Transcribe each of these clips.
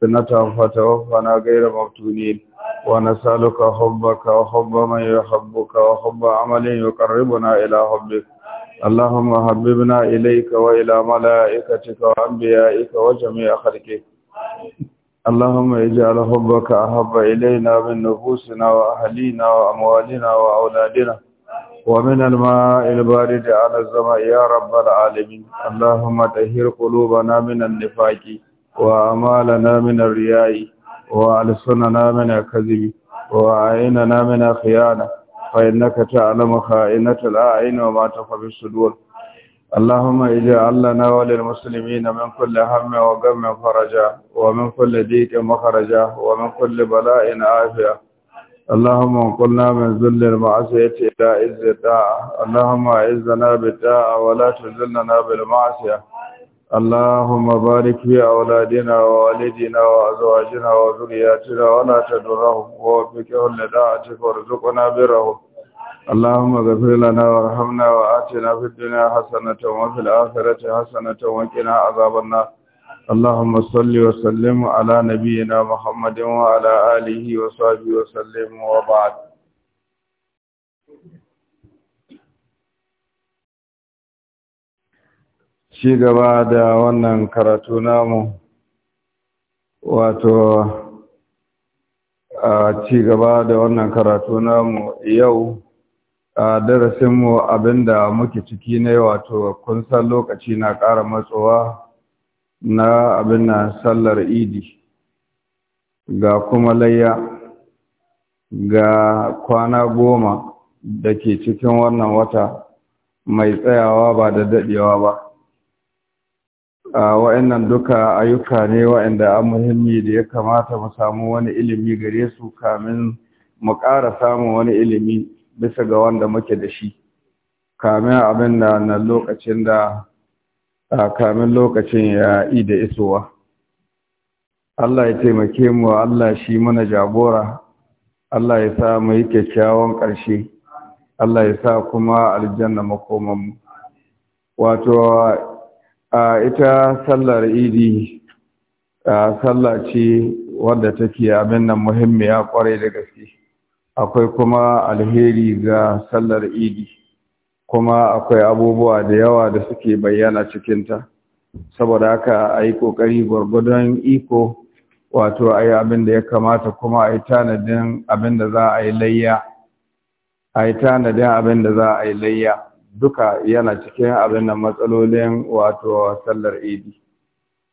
سنة فتوفنا غير مفتونين ونسألك حبك وحب من يحبك وحب عمل يقربنا إلى حبك اللهم حببنا إليك وإلى ملائكتك وأنبيائك وجميع خلقك اللهم اجعل حبك أحب إلينا من نفوسنا وأهلينا وأموالنا وأولادنا ومن الماء البارد على الزماء يا رب العالمين اللهم تهير قلوبنا من النفاق وأمالنا من الرياء وألسننا من الكذب وأعيننا من الخيانة فإنك تعلم خائنة الأعين وما تخفي الصدور اللهم اجعل لنا وللمسلمين من كل هم وغم فرجا ومن كل ضيق مخرجا ومن كل بلاء عافية اللهم انقلنا من ذل المعصية إلى عز الطاعة اللهم أعزنا بالطاعة ولا تذلنا بالمعصية اللهم بارك في أولادنا ووالدنا وأزواجنا وذرياتنا ولا تدرهم ووفقهم لداعتك وارزقنا برهم اللهم اغفر لنا وارحمنا وآتنا في الدنيا حسنة وفي الآخرة حسنة وقنا عذاب النار اللهم صل وسلم على نبينا محمد وعلى آله وصحبه وسلم وبعد ci gaba da wannan karatu namu wato a ci gaba da wannan karatu namu yau a darasinmu abinda muke ciki ne wato kun san lokaci na ƙara matsowa na abin na sallar idi ga kuma layya ga kwana goma da ke cikin wannan wata mai tsayawa ba da daɗewa ba wa'annan duka ayyuka ne wa'anda an muhimmi da ya kamata mu samu wani ilimi gare su kamin mu ƙara samun wani ilimi bisa ga wanda muke da shi kamin abin da na lokacin da kamin lokacin ya yi da isowa Allah ya taimake mu Allah shi mana jagora Allah ya sa mu yi kyakkyawan ƙarshe Allah ya sa kuma aljanna makomanmu wato a ita sallar idi a sallah ce wadda take abin nan muhimmiya kwarai da gaske akwai kuma alheri ga sallar idi kuma akwai abubuwa da yawa da suke bayyana cikinta saboda haka a yi ƙoƙari gwargwadon iko wato a abin da ya kamata kuma a tanadin abin da za a yi layya a tanadin abin da za a yi layya duka yana cikin abin nan matsalolin wato sallar idi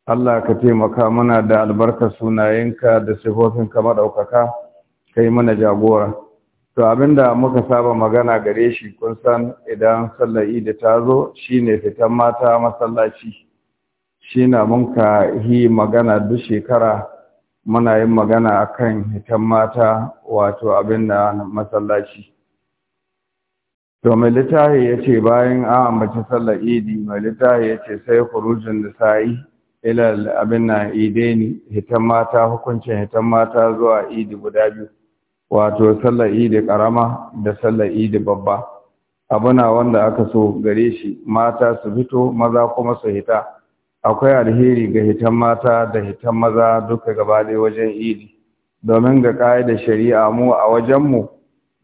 Allah ka taimaka muna da albarkar sunayenka da ka maɗaukaka kai mana jagora to abin da muka saba magana gare shi kun san idan sallar idi ta zo shine fitan mata masallaci shi na mun ka yi magana duk shekara muna yin magana akan fitan mata wato abin da masallaci to mai littafi ya ce bayan an ambaci sallar idi mai littafi ya ce sai kurujin yi. ilal abin na ne hitan mata hukuncin hitan mata zuwa idi guda biyu wato sallar idi karama da sallar idi babba abuna wanda aka so gare shi mata su fito maza kuma su hita akwai alheri ga hitan mata da hitan maza duka gaba wajen idi domin ga da shari'a mu a wajenmu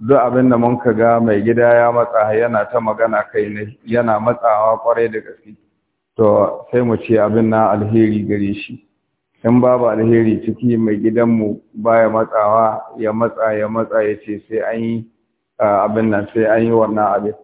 duk abin da mun ka ga mai gida ya matsa yana ta magana kai ne yana matsawa kwarai da gaske to sai mu ce abin na alheri gare shi in babu alheri ciki mai gidanmu baya matsawa ya matsa ya matsa ya ce sai an yi abin nan sai an yi wannan abin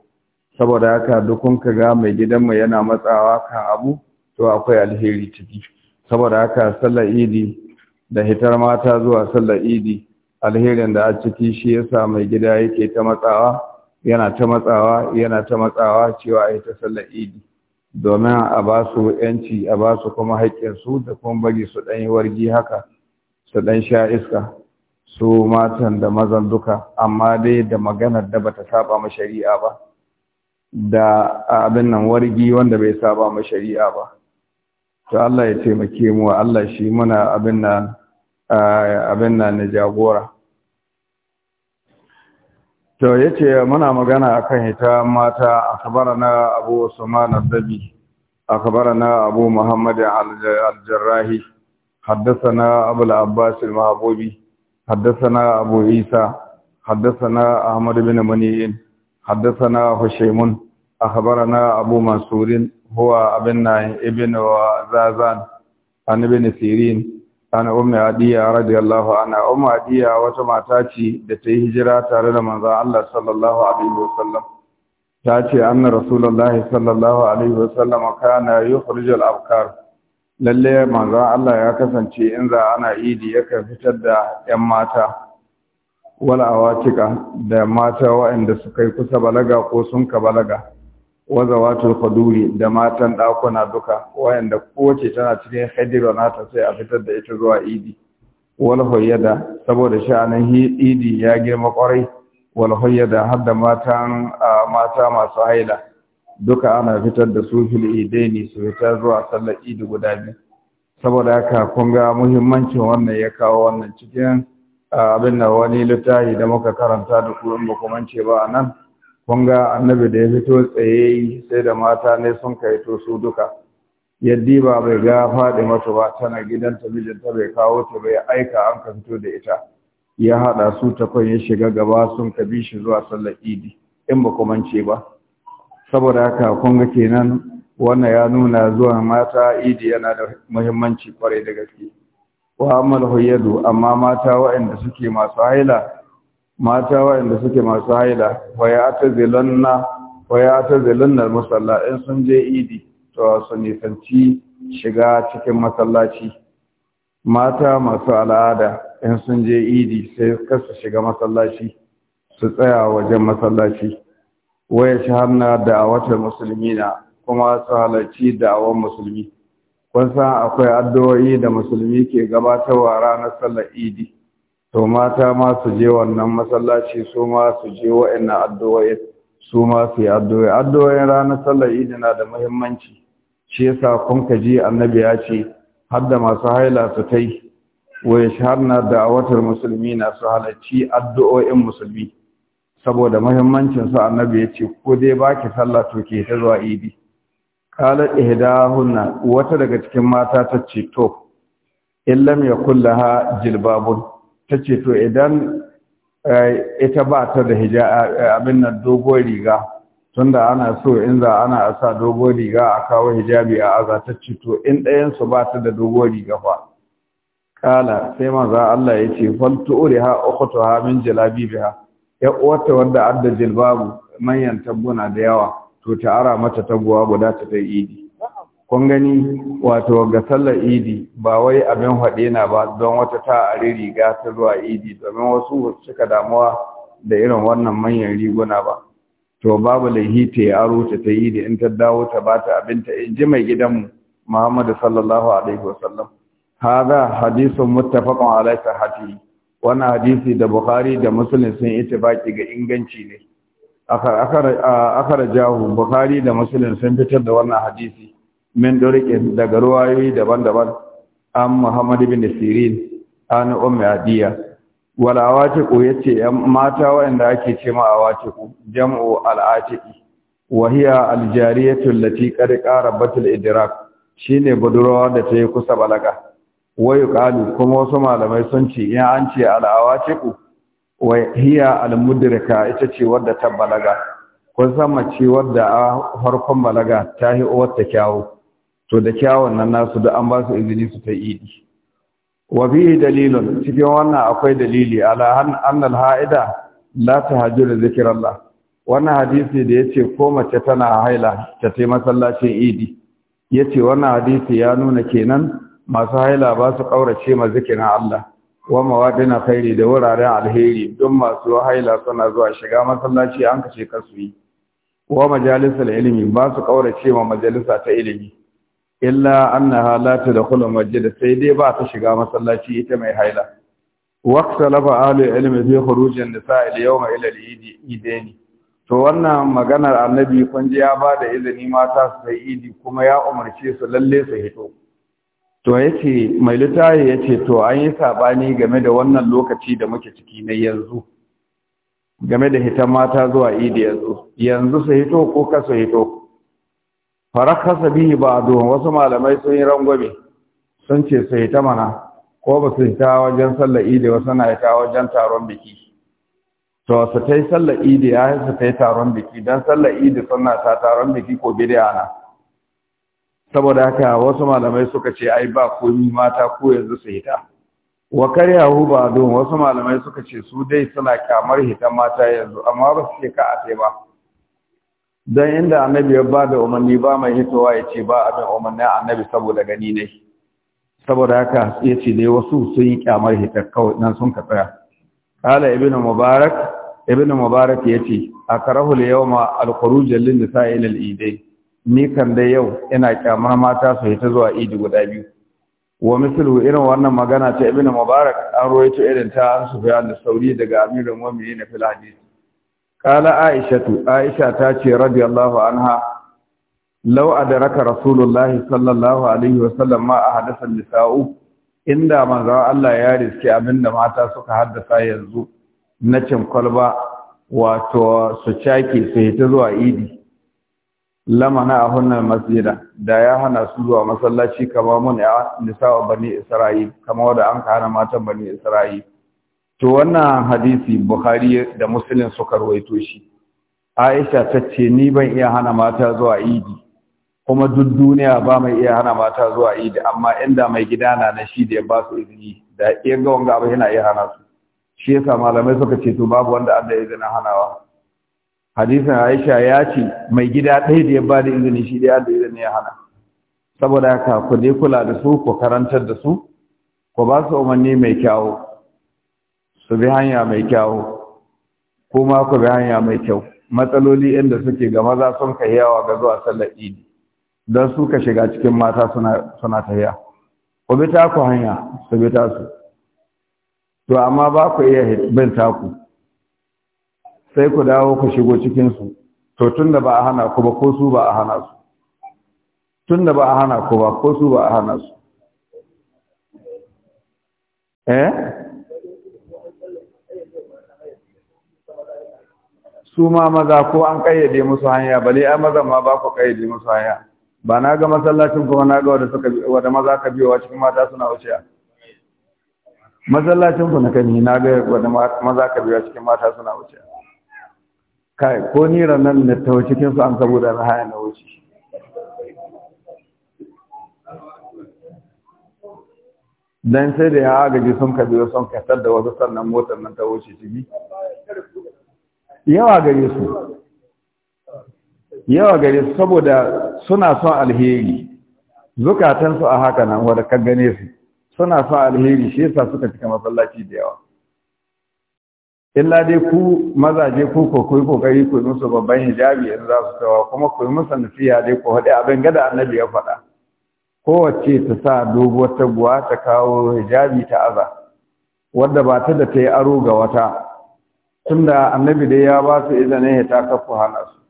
saboda haka duk kun ga mai gidanmu yana matsawa kan abu to akwai alheri ciki saboda haka sallar idi da hitar mata zuwa sallar idi alherin da a ciki shi ya sa mai gida yake ta matsawa yana ta matsawa yana ta matsawa cewa a yi ta sallar idi domin a ba su yanci a ba su kuma haƙƙinsu da kuma bari su ɗan yi wargi haka su ɗan sha iska su matan da mazan duka amma dai da maganar da bata saba ma shari'a ba da abin nan wargi wanda bai saba ma shari'a ba to Allah ya taimake mu Allah shi muna abin nan abin nan na jagora to yace muna magana akan ita mata akbara na abu usman al-sabi akbara na abu muhammad al-jarrahi haddathana abu al-abbas al-mahbubi haddathana abu isa haddathana ahmad bin maniin haddathana husaymun na abu mansurin huwa abin nan ibn wa zazan an ibn sirin ana umma adiya radiyallahu anha umma adiya wata mata ce da ta yi hijira tare da manzon Allah sallallahu alaihi wasallam ta ce anna rasulullahi sallallahu alaihi wasallam kana yukhrij al-abkar lalle manzon Allah ya kasance in za ana idi kai fitar da yan mata wala awatika da mata waɗanda suka yi kusa balaga ko sun ka balaga wazawatul khuduri da matan dakuna duka wayanda kowace tana cikin hadira nata sai a fitar da ita zuwa idi wal hayyada saboda sha'anin idi ya girma kwarai wal hayyada har da matan mata masu haila duka ana fitar da su fil idaini su fitar zuwa sallar idi guda biyu saboda haka kun ga muhimmancin wannan ya kawo wannan cikin abin da wani littafi da muka karanta da kuma ba ba a nan kun annabi da ya fito tsaye sai da mata ne sun kaito su duka yaddi ba bai ga faɗi mata ba tana gidanta mijinta bai kawo ta bai aika an ka fito da ita ya haɗa su takwai ya shiga gaba sun ka bi shi zuwa sallar idi in ba kumance ba saboda haka kun ga kenan wannan ya nuna zuwa mata idi yana da muhimmanci kwarai da gaske wa amma amma mata waɗanda suke masu haila mata waɗanda suke masu haila wa ya ta wa ya in sun je idi to su nisanci shiga cikin masallaci mata masu al'ada in sun je idi sai kasa shiga masallaci su tsaya wajen masallaci waya hannu da watan musulmi na kuma su halarci awon musulmi kun san akwai addu'o'i da musulmi ke gabatarwa ranar sallar idi to mata ma su je wannan masallaci su ma su je wa'annan addu'o'i su ma su yi addu'o'i addu'o'in ranar sallar idi na da muhimmanci shi yasa kun ka ji annabi ya ce har da masu haila su ta yi da da'awatar musulmi na su halarci addu'o'in musulmi saboda muhimmancin su annabi ya ce ko dai baki sallah to ke ta zuwa idi qalat ihdahunna wata daga cikin mata ta ce to illam yakullaha jilbabun ta ce to idan eh, ita ba ta da eh, abin nan dogon riga tunda ana so in za ana sa dogon riga a kawo hijabi a aza ta ce to in ɗayansu ba ta da dogon riga fa kala sai maza Allah ya ce uri ha ukhtu ha min jalabi biha ya uwarta wanda adda jilbabu manyan tabbuna da yawa to ta ara mata taguwa guda ta ta idi kun gani wato ga sallar idi ba wai abin haɗe na ba don wata ta a riga ta zuwa idi domin wasu cika damuwa da irin wannan manyan riguna ba to babu laihi ta yi aro ta ta yi da in ta dawo ta ba ta abinta in ji mai gidanmu muhammadu sallallahu alaihi wasallam za hadisun muttafaqun alaihi sahati wannan hadisi da bukhari da muslim sun yi baki ga inganci ne akara akara jahu bukhari da muslim sun fitar da wannan hadisi min dorikin daga ruwayoyi daban-daban an Muhammad bin Sirin an Ummi Adiya wal awatiqu yace mata wanda ake ce ma awatiqu jam'u al atiqi wa hiya al jariyatu allati qad qarabat al idrak shine budurwa da ta yi kusa balaga wai qalu kuma wasu malamai sun ce 'Ya an ce al awatiqu wa hiya al ita ce wadda ta balaga kun san mace wadda a farkon balaga ta yi uwar ta kyawu to da kyawun nan nasu da an ba su izini su ta idi wa bihi dalilun cikin wannan akwai dalili ala annal haida la tahajjuru zikrallah wannan hadisi da yace ko mace tana haila ta tai masallacin idi yace wannan hadisi ya nuna kenan masu haila ba su kaurace ma zikirin Allah wa mawadina khairi da wuraren alheri don masu haila suna zuwa shiga masallaci an kace kasu yi wa majalisar ilimi ba su kaurace ma majalisa ta ilimi illa annaha la tadkhulu masjid sai dai ba ta shiga masallaci ita mai haila waqtalafa ali ilmi fi khuruj an-nisa al-yawm ila al-idaini to wannan maganar annabi kun ji ya bada izini mata su sai idi kuma ya umarce su lalle su hito to yace mai litaye yace to an yi sabani game da wannan lokaci da muke ciki na yanzu game da hitan mata zuwa idi yanzu yanzu su hito ko ka su hito farakasa bihi ba wasu malamai sun yi rangwame sun ce su ta mana ko ba su ta wajen sallar idi wasu na ta wajen taron biki to su ta yi sallar idi ya yi su ta yi taron biki don sallar idi suna ta taron biki ko bidiya na saboda haka wasu malamai suka ce ai ba komi mata ko yanzu su hita wa hu ba don wasu malamai suka ce su dai suna kyamar hitan mata yanzu amma ba su ce ka a ba don inda annabi ya ba da umarni ba mai hitowa ya ce ba abin umarnin annabi saboda gani ne saboda haka ya ce dai wasu sun yi kyamar hitar kawai nan sun ka tsaya kala ibn mubarak ibn mubarak ya ce a karahu da yau ma jallin da ilil al'idai ni kan dai yau ina kyamar mata su hita zuwa idi guda biyu wa mislu irin wannan magana ta ibn mubarak an ta irin ta an sufyan da sauri daga amirul mu'minin fil hadith Kala Aishatu, Aisha ta ce radiyallahu anha, lau adraka Rasulullah sallallahu alaihi wasallam ma a hadasa nisa'u inda manzo Allah ya riske abinda mata suka haddasa yanzu na cin kwalba wato su cake su hita zuwa idi lamana a hunnar masjida da ya hana su zuwa masallaci kama mun nisa'u bani Isra'il kamar wanda an hana matan bani Isra'il to wannan hadisi bukhari da muslim suka rawaito shi aisha ta ce ni ban iya hana mata zuwa idi kuma duk duniya ba mai iya hana mata zuwa idi amma inda mai gida na na shi da ba su izini da iya ga wanga abu yana iya hana su shi yasa malamai suka ce to babu wanda Allah ya hanawa hadisin aisha ya ce mai gida ɗaya da ya ba da izini shi da ya da ya hana saboda haka ku dai kula da su ku karantar da su ku ba su umarni mai kyau. su bi hanya mai kyawu kuma ku bi hanya mai kyau matsaloli inda suke ga maza sun kai yawa ga zuwa sallar idi don su ka shiga cikin mata suna suna tafiya ku bi taku hanya su bi ta su. to amma ba ku iya bin taku sai ku dawo ku shigo cikin su to tunda ba a hana ku ba ko su ba a hana su tunda ba a hana ku ba ko su ba a hana su eh su ma maza ko an kayyade musu hanya bale ai maza ma ba ku kayyade musu hanya ba na ga masallacin kuma na ga wanda suka wanda maza ka biyo wa cikin mata suna wuciya masallacin ku na kani na ga wanda maza ka biyo cikin mata suna wuciya kai ko ni ranan na ta cikin su an saboda na haya na wuce dan sai da ya agaji sun ka biyo sun ka da wasu sannan motar nan ta wuce ciki yawa gare su yawa gare su saboda suna son alheri zukatansu a haka nan wadda kan gane su suna son alheri shi yasa suka cika masallaci da yawa illa dai ku mazaje ku ko ku kokari ku musu babban hijabi in za su tawa kuma ku musu nasiha dai ku haɗe abin gada annabi ya faɗa kowace ta sa doguwar taguwa ta kawo hijabi ta aza wadda ba ta da ta yi aro ga wata tunda annabi dai ya ba su izinin ya ta kafa hana su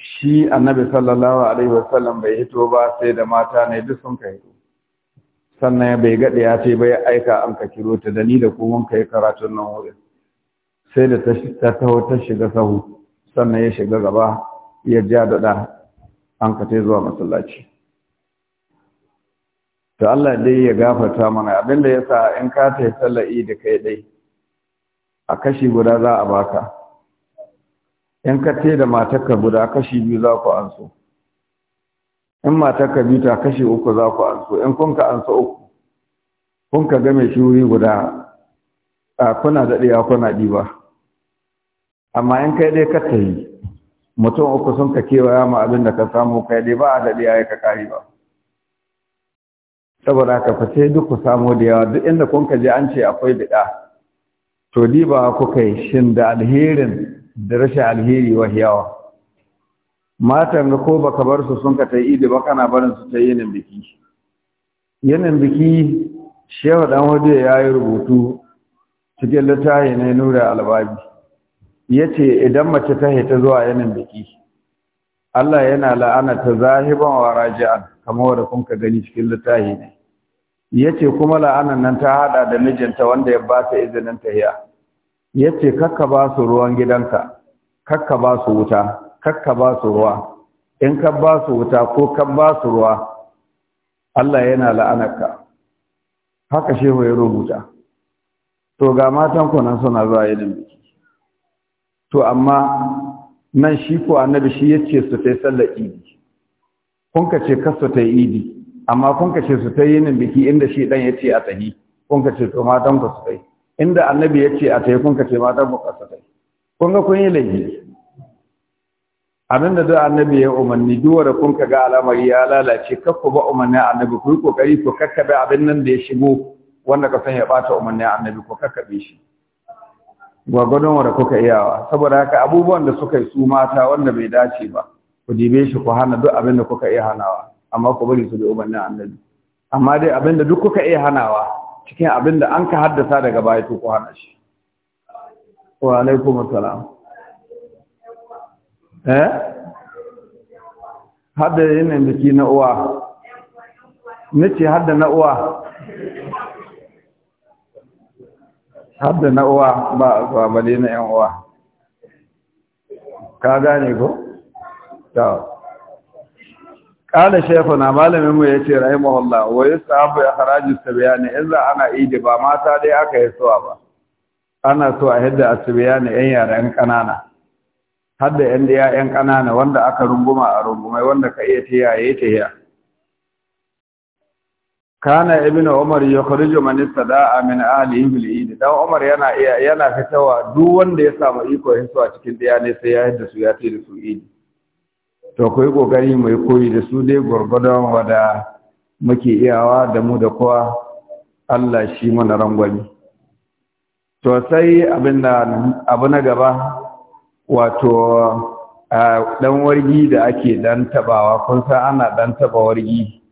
shi annabi sallallahu alaihi wasallam bai hito ba sai da mata ne duk sun kai sannan bai gade ya ce bai aika an ka kiro ta da ni da ku mun kai karatun nan wurin sai da ta taho ta shiga sahu sannan ya shiga gaba ya ja da an ka tai zuwa masallaci to Allah dai ya gafarta mana abinda yasa in ka tai sallar idi kai dai a kashi guda za a baka in ka te da matakka guda kashi biyu za ku anso in matakka biyu ta kashi uku za ku anso in kun ka anso uku kun ka game shi wuri guda a kuna daɗewa kuna ɗiba amma in kai dai ka ta yi, mutum uku sun ka kewaya ma abin da ka samu kai dai ba a daɗewa ya ka ƙari ba saboda ka fa sai duk ku samu da yawa duk inda kun ka je an ce akwai biɗa to ba kuka yi shin da alherin da rashin alheri wa matan ga ko baka bar su sun ka ta ba kana barin su ta yinin biki yinin biki shehu dan hudu ya yi rubutu cikin littafi ne nura albabi ya ce idan mace ta hita zuwa yinin biki Allah yana la'ana ta zahiban wa raji'an kamar da kun ka gani cikin littafi ne yace kuma la'anan nan ta haɗa da mijinta wanda ya ba ta izinin tahiya yace kakka ba su ruwan gidanka kakka ba su wuta kakka ba su ruwa in ka ba su wuta ko ka ba su ruwa Allah yana la'anarka haka shehu ya rubuta to ga matan ku nan suna zuwa yin biki to amma nan shi ko annabi shi yace su tai sallar idi kun ka ce kasu idi amma kun kace su ta yinin biki inda shi dan yace a tahi kun kace to matan ku su tai inda annabi yace a tahi kun kace matan ku su tai kun ga kun yi laifi Abinda da duk annabi ya umarni duwa da kun ga al'amari ya lalace kakku ba umarni annabi ku yi kokari ku kakkabe abin nan da ya shigo wanda ka san ya bata umarni annabi ku kakkabe shi gwagwadon wanda kuka iyawa saboda haka abubuwan da suka yi su mata wanda bai dace ba ku dibe shi ku hana duk abin da kuka iya hanawa amma ku bari su da ubannin annabi amma dai abinda duk kuka iya hanawa cikin abinda an ka haddasa daga baya to ku hana shi wa alaikum assalam eh hadda yin ki na uwa nace hadda na uwa hadda na uwa ba ba bale na yan uwa ka gane ko to kala shaykhuna malamin mu yace rahimahullah wa haraji ikhraju ne? illa ana idi ba mata dai aka yi suwa ba ana so a hidda asbiyani yan 'yan kanana hadda yan da yan kanana wanda aka runguma a rungumai wanda ka iya yi tiya kana ibnu umar ya kharijo man sada'a min ahlihi ibn idi. dan umar yana iya yana fitawa duk wanda ya samu iko ya a cikin diyane ne sai ya hidda su ya tiyi su idi. to ku yi ƙoƙari mai koyi da su dai gwargwadon wada muke iyawa da mu da kowa Allah shi mana rangwani to sai abu na gaba wato dan wargi da ake dan tabawa kun san ana ɗan taba wargi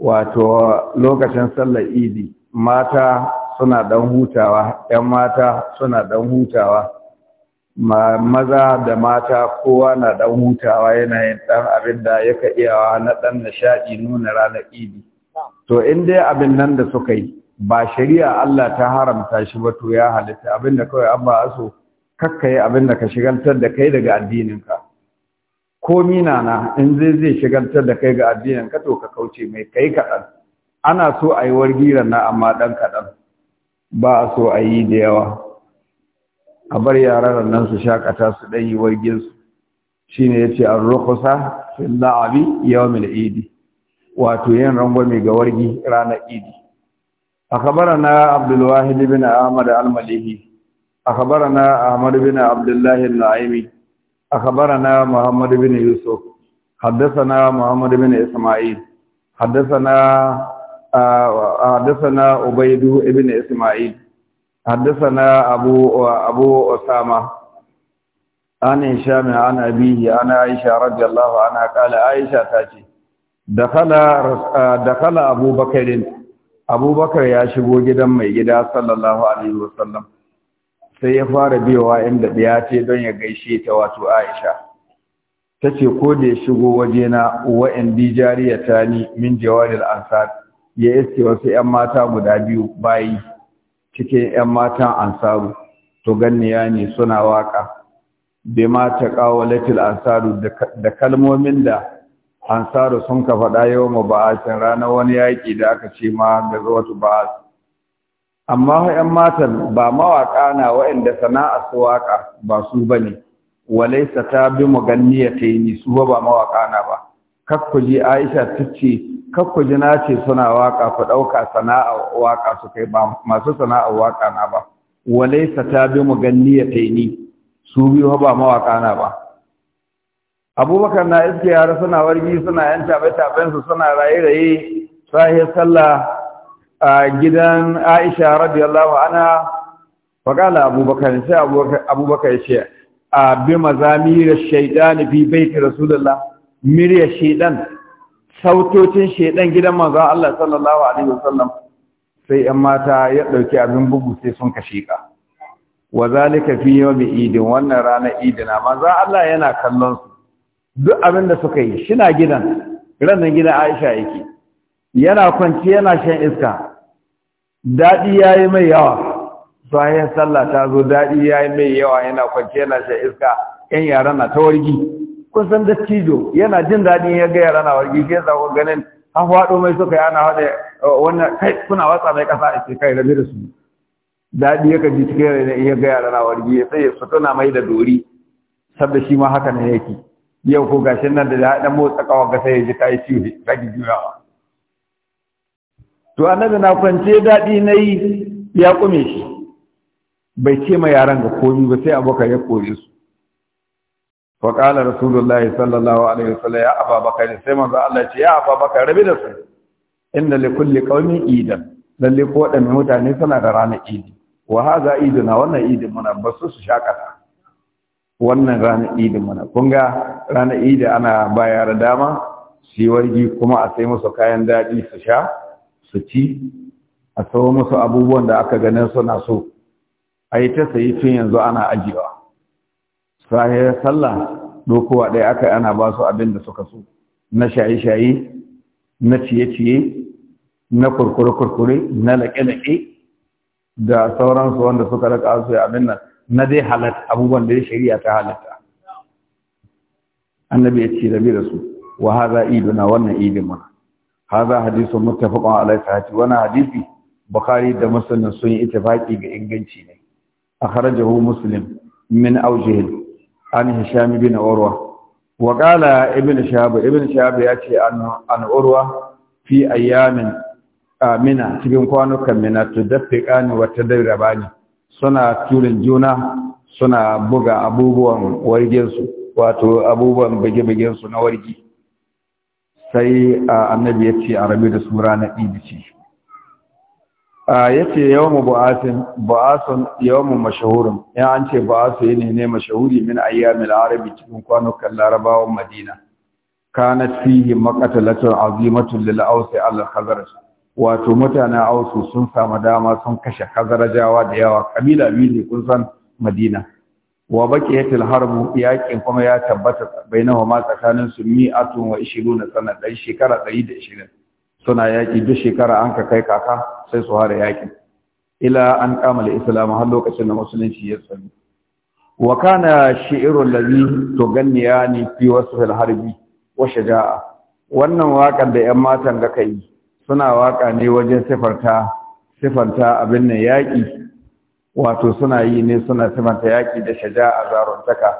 wato lokacin sallar idi mata suna dan hutawa yan mata suna ɗan hutawa maza da mata kowa na dan hutawa yanayin yin dan abin da yaka iyawa na dan nishadi nuna ranar idi to in dai abin nan da suka yi ba shari'a Allah ta haramta shi ba to ya halitta abin da kawai an ba aso yi abin da ka shigantar da kai daga addininka ko mina na in zai zai shigantar da kai ga addininka to ka kauce mai kai kaɗan ana so a yi wargiran na amma ɗan kaɗan ba a so a yi da yawa a bar yaran nan su shakata su dan yi wargin su shine yace ar-rukhsa fil la'abi yawm al-eid wato yin rangwame ga wargi ranar eid akhbarana abdul wahid ibn ahmad al-malihi akhbarana ahmad ibn abdullah al-naimi akhbarana muhammad ibn yusuf حدثنا muhammad بن isma'il حدثنا حدثنا ubaydu ibn Isma'il. حدثنا ابو ابو اسامه عن هشام عن أبيه عن عائشه رضي الله عنها قال عائشه تاتي دخل دخل ابو بكر ابو بكر يا شغو جدا مي جدا صلى الله عليه وسلم sai ya fara biyowa inda ɗaya ce don ya gaishe ta wato Aisha ta ce ko da ya shigo wajena wa'in dijariya ta ni min jawaril ansar ya iske wasu 'yan mata guda biyu bayi cikin 'yan matan ansaru to ganniya ne suna waƙa. bai ma ta ansaru da kalmomin da ansaru sun ka faɗa yau ma ba'asin ranar wani yaƙi da aka ce ma ga zuwatu ba'as amma 'yan matan ba mawaƙa na waɗanda sana'a su waƙa ba su ba ne walaisa ta bi maganniya ta yi su ba mawaƙa na ba kakkuji aisha ta ce kakku ji na ce suna waka ku ɗauka sana'a waka su kai ba masu sana'a waka na ba walaisa ta bi mu ganni taini su biyu ba mawaka na ba abubakar na iske yara suna wargi suna yan tabe-taben su suna raye-raye sahih sallah a gidan aisha radiyallahu anha kala abubakar sai abubakar ce a bi mazamir shaytan fi baiti rasulullah mirya shaytan sautocin shaidan gidan manzon Allah sallallahu alaihi wasallam sai ‘yan mata ya ɗauki abin bugu sai sun kashe ka shiƙa. Wa zalika fi yau mai idin wannan ranar idina, maza Allah yana kallon su, duk abin da suka yi, shina gidan, ranar gidan Aisha yake, yana kwanci yana shan iska, daɗi ya yi mai yawa, bayan sallah ta zo daɗi ya yi mai yawa yana kwanci yana shan iska, ‘yan yara na ta wargi. kun san dattijo yana jin daɗi ya ga yara na wargi ke zawo ganin an faɗo mai suka yi ana haɗe eh, wannan kai kuna watsa mai ƙasa a ce kai rabe da su daɗi ya kaji cikin rai na iya ga na sai su tuna mai da dori sabda shi ma haka ne yake yau ko gashin nan da ya ɗan motsa ƙawa ga sai ya ji kai ciwo kaki juyawa to annabi na kwance daɗi na yi ya ƙume shi bai ce ma yaran ga komi ba sai abokan ya kore su wa رسول rasulullahi sallallahu alaihi عليه وسلم يا sai بكر Allah ce ya ababakar rabi da su inna li kulli qaumin idan lalle ko wadannan mutane da ranar عيد وهذا عيدنا iduna wannan idin بس basu su shakata wannan ranar idin muna kun ga ranar idi ana bayar dama su yi wargi kuma a sai musu kayan daɗi su sha su ci a tsawo musu abubuwan da aka ganin suna so a yi ta sayi tun yanzu ana ajiyewa sahiyar sallah dokowa ɗaya aka ana ba su abin da suka so na shaye-shaye na ciye-ciye na kurkure-kurkure na laƙe-laƙe da sauransu wanda suka raka su abin nan na dai halatta abubuwan da ya shari'a ta halatta annabi ya ce rabi da su wa haza wannan idin mana haza hadisu muttafaqun alaihi sahati wannan hadisi bukhari da muslim sun yi ittifaqi ga inganci ne akhrajahu muslim min awjihi an hisham bin urwa wa qala ibn shahab ibn shahab ya ce an urwa fi ayyamin amina cikin kwanukan mina tudaffiqani wa tadarrabani suna turin juna suna buga abubuwan wargensu wato abubuwan bige-bigensu na wargi sai annabi ya ce a rabe da su ranar ibici yace yawmu bu'asin bu'asun yawmu mashhurun ya an ce bu'asu yi ne mashahuri min ayyamil arabi cikin kwanukan larabawan madina kanat fihi maqatalatun azimatun lil ausi al khazraj wato mutanen ausu sun samu dama sun kashe khazrajawa da yawa kabila biyu ne kun san madina wa baqiyatil harb yakin kuma ya tabbata bainahuma tsakanin su mi'atun wa 20 sanad ɗari shekara 120 suna yaƙi duk shekara an ka kai kaka sai su hara yaƙi ila an kamala islam har lokacin da musulunci ya tsami wa kana shi'irul ladhi ni fi wasfil harbi wa shaja'a wannan waƙar da 'yan matan da kai suna waƙa ne wajen sifarta sifanta abin nan yaƙi wato suna yi ne suna sifanta yaƙi da shaja'a zaruntaka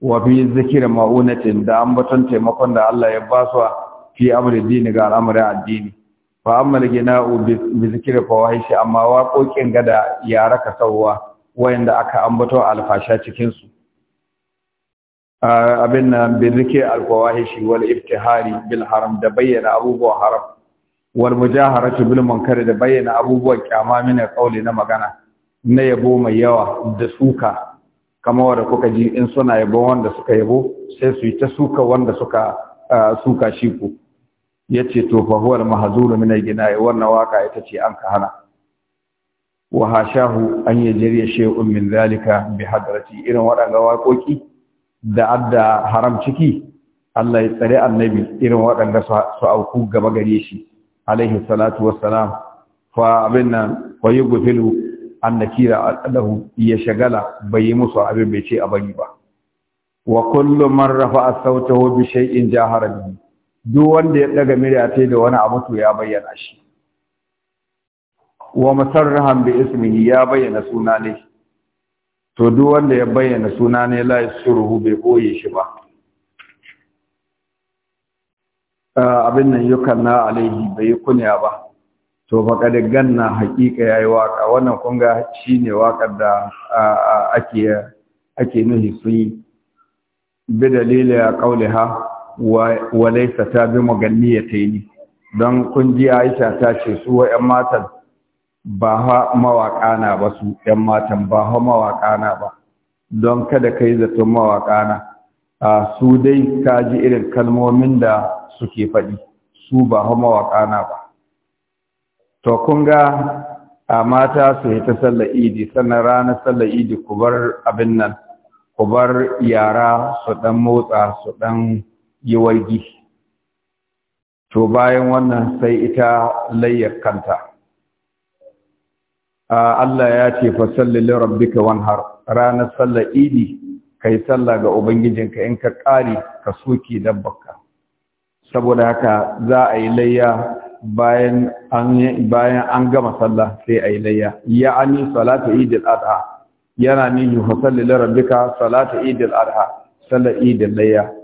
wa bi zikir ma'unatin da ambaton taimakon da Allah ya basuwa fi amri dini ga al'amari addini fa amma u bi zikri fawahishi amma waƙoƙin gada ya raka sawwa wayanda aka ambato alfasha cikin su abin na bi zikri alqawahishi wal ibtihari bil haram da bayyana abubuwan haram wal mujaharatu bil munkar da bayyana abubuwan kyama min kauli na magana na yabo mai yawa da suka kamar wanda kuka ji in suna yabo wanda suka yabo sai su yi ta suka wanda suka suka shi ku yace to fa huwa al-mahzuru min al-ginai wannan waka ita ce an ka hana wa hashahu an yajri shay'un min zalika bi hadrati irin wadanga waƙoƙi da adda haram ciki Allah ya tsare annabi irin wadanga su auku gaba gare shi alaihi salatu wassalam fa abinna wa yughfilu an nakira alahu ya shagala bai yi musu abin bai ce a bari ba wa kullu man rafa'a sautahu bi shay'in jahara duk wanda ya ɗaga murya ta da wani abu to ya bayyana shi wa musarrahan bi ismihi ya bayyana suna ne to duk wanda ya bayyana suna ne la yasruhu bai boye shi ba abin nan yukan na alaihi bai yi kunya ba to fa kada ganna hakika yayi waka wannan kun ga shine wakar da ake ake nuhi sun yi bi dalilin qauliha wa laysa ta bi yi don kun ji Aisha ta ce su wa matan ba ha mawaka na ba su 'Yan matan ba ha mawaka na ba don kada kai zaton mawaka na a su dai ka ji irin kalmomin da suke faɗi su ba ha mawaka na ba to kun ga a mata su yi ta sallar idi sannan ranar sallar idi ku bar abin nan ku bar yara su ɗan motsa su ɗan yi wargi to bayan wannan sai ita layyar kanta Allah ya ce ka lirabbika wanhar ranar sallar idi ka yi sallah ga ubangijinka in ka ƙari ka soke dabbaka saboda haka za a yi layya bayan an gama sallah sai a yi layya ya'ani salatu idil adha yana nihi rabbi ka salatu idil adha sallar idil layya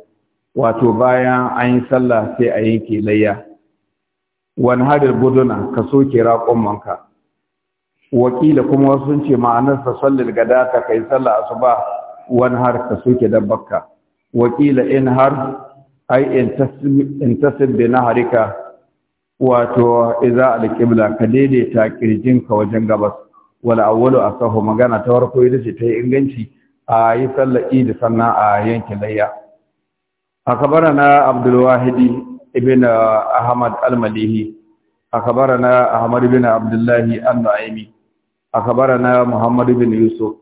wato bayan an yi sallah sai a yanke layya wani hadir buduna ka soke raƙonmanka wakila kuma wasu sun ce ma'anarsa sallil gada ta kai sallah ba, wani har ka soke dabbakka wakila in har ai in tasir bi na harika wato iza alƙibla ka daidaita ƙirjinka wajen gabas wala awwalu asahu magana ta farko ita ce ta yi inganci a yi sallah idi sannan a yanke layya أخبرنا عبد الواحد ابن أحمد المليهي أخبرنا أحمد بن عبد الله النعيمي أخبرنا محمد بن يوسف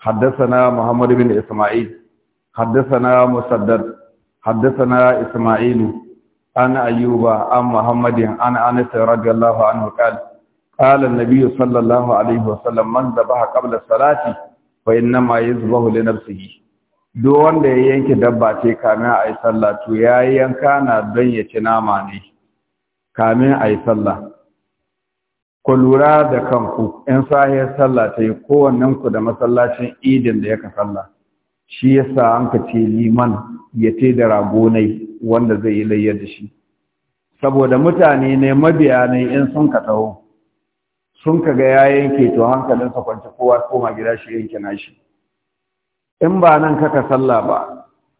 حدثنا محمد بن إسماعيل حدثنا مسدد حدثنا إسماعيل عن أيوب عن محمد عن أنس رضي الله عنه قال قال النبي صلى الله عليه وسلم من ذبح قبل الصلاة فإنما يذبح لنفسه duk wanda ya yanke dabba ce kamin a yi sallah to ya yi yanka na don ya ci nama ne kamin a yi sallah ku lura da kanku in sahiyar sallah ta yi kowannen da masallacin idin da yaka sallah shi ya sa an ka ce liman ya ce da ragonai wanda zai yi layya da shi saboda mutane ne mabiya ne in sun ka taho sun ka ga ya yanke to hankalinsa kwanci kowa koma gida shi yanke nashi in ba nan kaka sallah ba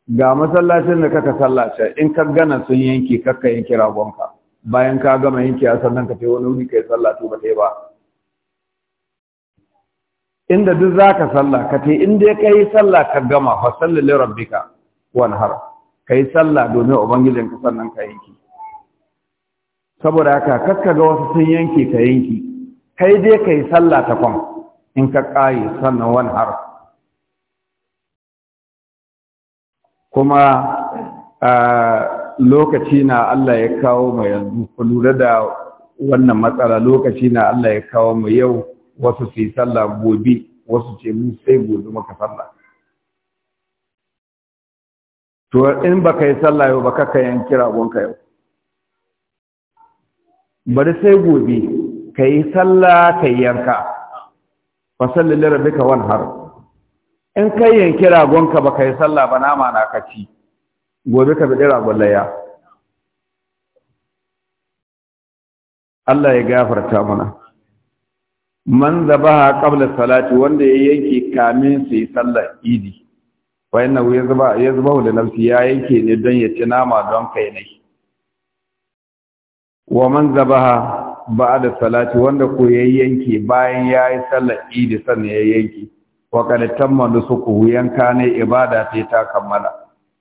ga masallacin da kaka sallace in ka gana sun yanki kakka yanki ragonka bayan ka gama yanki a sannan ka ce wani wuri kai sallah to ba ba inda duk zaka sallah ka te in dai kai sallah ka gama fa salli li rabbika ka kai sallah domin ka sannan ka yanki saboda haka kakka ga wasu sun yanki ka yanki kai dai kai sallah ta kwan in ka kai sannan wani har kuma lokaci na Allah ya kawo mu yanzu ku lura da wannan matsala lokaci na Allah ya kawo mu yau wasu su yi sallah gobe wasu ce mu sai gobe maka sallah to in baka yi sallah yau baka kai yan kira gonka yau bari sai gobe ka yi sallah ka yi yanka fa sallallahu rabbika wanhar in kai yanki ragonka ba ka yi sallah ba nama na ka ci gobe ka biɗi ragon laya Allah ya gafarta mana man zabaha qabla salati wanda ya yanke kamin su yi sallar idi fa innahu yazba yazbahu da nafsi ya yanke ne don ya ci nama don kai ne wa man zabaha ba'da salati wanda ko ya yanke bayan ya yi sallar idi sannan ya yanke wa qad tamma nusuku yanka na ibada ce ta kammala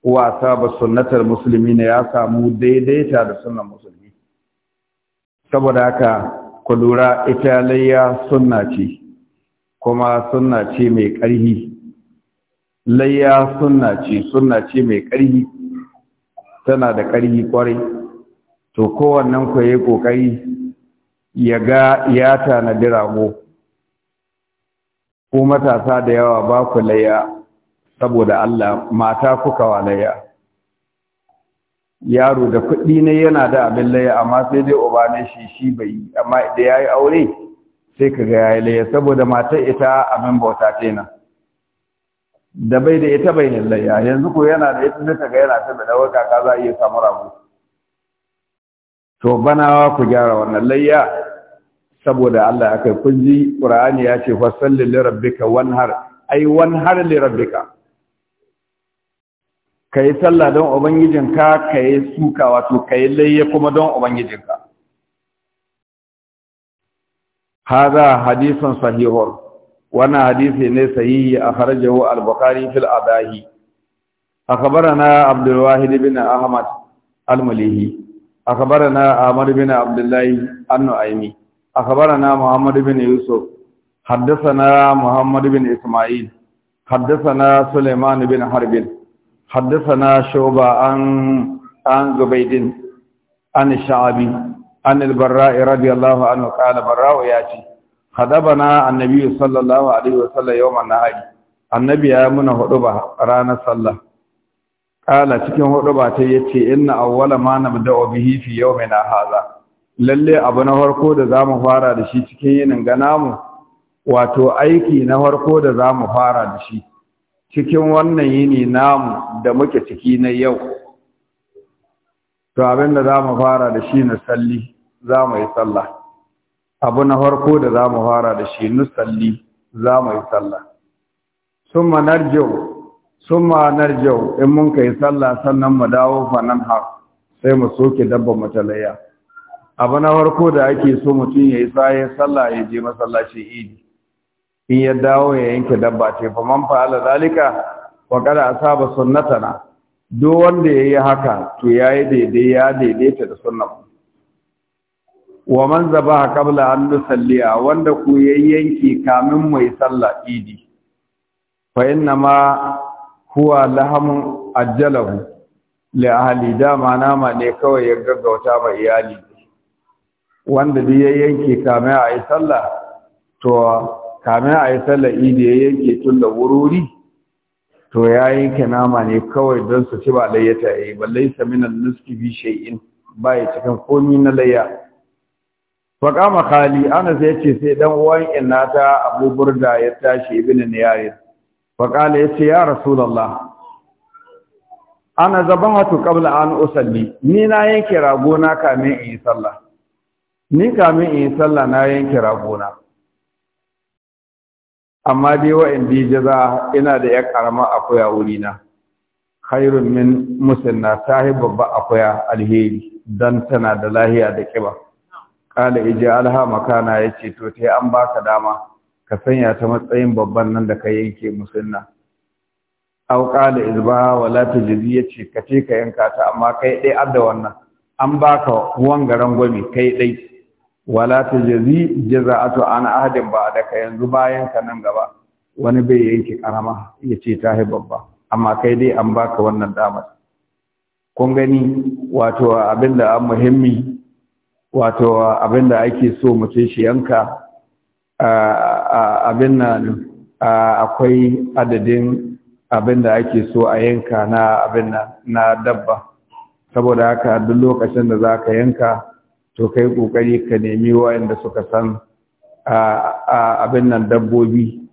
wa saba sunnatar musulmi ne ya samu daidaita da sunnan musulmi saboda haka ku lura ita layya sunna ce kuma sunna ce mai ƙarhi layya sunna ce sunna ce mai ƙarhi tana da ƙarhi kwarai to kowannen ku yayi kokari ya ga ya tanadi rago ko matasa da yawa ba ku laya, saboda Allah mata kuka wa laya. yaro da kuɗi ne yana da abin laya, amma sai dai uba ne shi shi bai yi amma da ya yi aure sai ka ga ya yi saboda matar ita abin bauta ce nan da bai da ita bai laya, yanzu ko yana da ita ta ga yana ta da dawar kaka za a iya samu rago to banawa ku gyara wannan layya saboda Allah kai kun ji Qur'ani ya ce fasalli li rabbika wanhar ai wanhar li rabbika kai sallah don ubangijinka kai suka wato kai laye kuma don ubangijinka hada hadisun sahihun wannan hadisi ne sahihi akhrajahu al-bukhari fil adahi akhbarana abdul wahid ibn ahmad al-mulihi akhbarana amr ibn abdullah an-nu'aymi أخبرنا محمد بن يوسف حدثنا محمد بن إسماعيل حدثنا سليمان بن حرب حدثنا شعبة عن عن زبيد عن الشعبي عن البراء رضي الله عنه قال براء ياتي خدبنا النبي صلى الله عليه وسلم يوم النهار annabi ya muna hudu ba ranar sallah kala cikin hudu ba ta yace inna awwala ma nabda'u bihi fi yawmina hadha lalle abu na farko da za mu fara da shi cikin yinin gana mu wato aiki na farko da za mu fara da shi cikin wannan yini namu da muke ciki na yau to abin da za mu fara da shi na salli za mu yi sallah abu na farko da za mu fara da shi na salli za mu yi sallah sun manar jau sun manar jau in mun ka yi sallah sannan mu dawo fanan har sai mu soke dabba layya. abu na farko da ake so mutum ya yi tsaye sallah ya je masallacin idi in ya dawo ya yanke dabba ce fa man fa'ala zalika wa qad asaba sunnatana duk wanda yayi haka to yayi daidai ya daidaita da sunnar wa man zabaha qabla an nusalliya wanda ku yayyanki kamin mai sallah idi fa inna ma huwa lahamun ajjalahu li ahli da ma nama ne kawai ya gaggauta ma iyali wanda bi ya yanke kame a yi sallah to kame a yi sallah idi ya yanke tun da wurori to ya yanke nama ne kawai don su ci ba layyata ya yi ba laisa minan nuski bi shay'in ba ya cikin komi na layya kama khali ana sai ce sai dan uwan inna ta abu burda ya tashi ibn niyar faƙala ya ce ya rasulullah ana zabahatu qabla an usalli ni na yanke rago na kamin in yi sallah ni kamin in yi sallah na yanke ragona amma dai wa'in bi jaza ina da ya karama akwai wuri na. khairun min musanna sahib babba akwai alheri dan tana da lahiya da kiba kala ije alha makana yace to tai an baka dama ka sanya ta matsayin babban nan da ka yanke musanna aw qala izbaha wala tajzi yace ka ce ka yanka ta amma kai dai adda wannan an baka wangaran gwami kai dai wala ta jazi jaza'atu an ahadin ba da ka yanzu bayan ka nan gaba wani bai yanke karama ya ce ta babba amma kai dai an baka wannan damar kun gani wato abin da an muhimmi wato abin da ake so mutum shi yanka abin na akwai adadin abin da ake so a yanka na abin na dabba saboda haka duk lokacin da za ka yanka to kai kokari ka nemi wayanda suka san abin nan dabbobi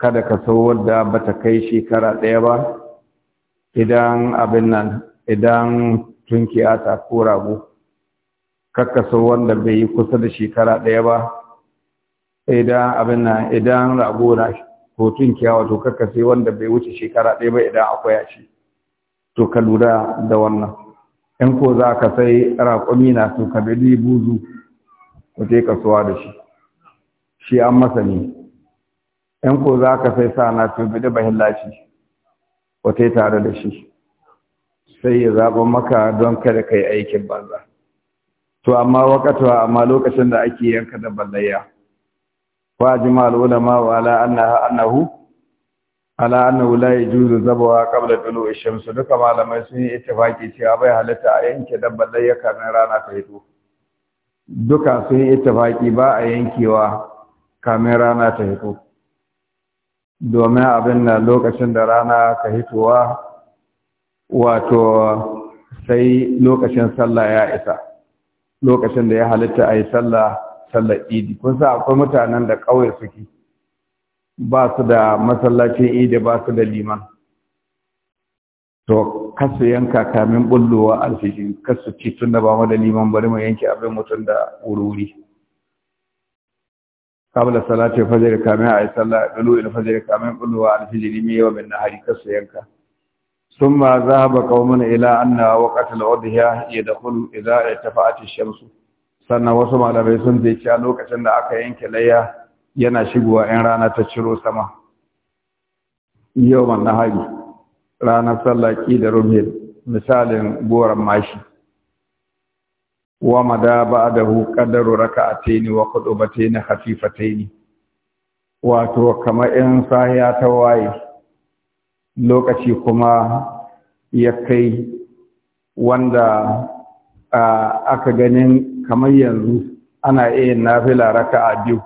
kada ka so wadda bata kai shekara ɗaya ba idan abin nan idan tunkiya ta ko rago kakka so wanda bai yi kusa da shekara ɗaya ba idan abin nan idan rago na hotun kiyawa to kakka sai wanda bai wuce shekara ɗaya ba idan akwai shi to ka lura da wannan in ko za ka sai raƙumi na so ka bi buzu ka je kasuwa da shi shi an masani in ko za ka sai sa na to bi da bahillaci ta yi tare da shi sai ya zaɓa maka don kada ka yi aikin banza to amma wakatuwa amma lokacin da ake yanka da ballayya wa jimal ulama wa ala annahu ala annahu la yajuzu zabawa qabla tulu'i shamsu duka malamai sun yi ittifaki cewa bai halatta a yanke dabbar da yaka na rana ta hito duka sun yi ittifaki ba a yankewa kamin rana ta hito domin abin na lokacin da rana ta hitowa wato sai lokacin sallah ya isa lokacin da ya halitta a yi sallah sallar idi kun sa akwai mutanen da ƙauye suke ba su da masallacin idi ba su da liman to kasu yanka kamin bullowa alfiji kasu ci tun da ba mu da liman bari mu yanke abin mutum da wuri kabla salati fajr kamin ayi sallah dalu ila fajr kamin bullowa alfiji mi yawa min nahari kasu yanka ثم ila anna الى al-udhiya yadkhulu idha اذا ash-shams sannan wasu malamai sun ce a lokacin da aka yanke layya yana shigowa in rana ta ciro sama na nahari ranar tsallaki da rumhil misalin goron mashi wa mada raka a taini wa hafifa taini? wato kamar 'yan sahiya ta waye lokaci kuma ya kai wanda aka ganin kamar yanzu ana iya nafila raka'a biyu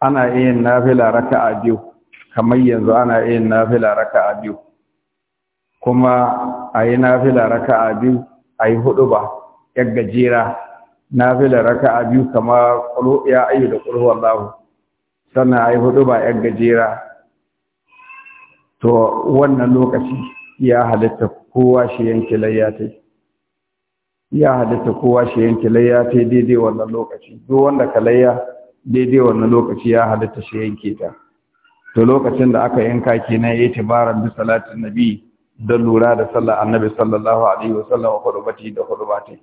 ana iya nafila raka'a biyu kamar yanzu ana iya nafila raka'a biyu kuma a yi nafila raka'a biyu a yi hudu ba yar gajera nafila raka'a biyu kama ya ayyu da ƙulhu wallahu sannan a yi hudu ba yar gajera to wannan lokaci ya halitta kowa shi yanke layya ta ya halitta kowa shi yanke layya ta daidai wannan lokaci duk wanda ka layya daidai wannan lokaci ya halitta shi yanke ta to lokacin da aka yanka kenan yayi tibaran bi salatin nabi don lura da sallar annabi sallallahu alaihi wa sallam qurbati da qurbati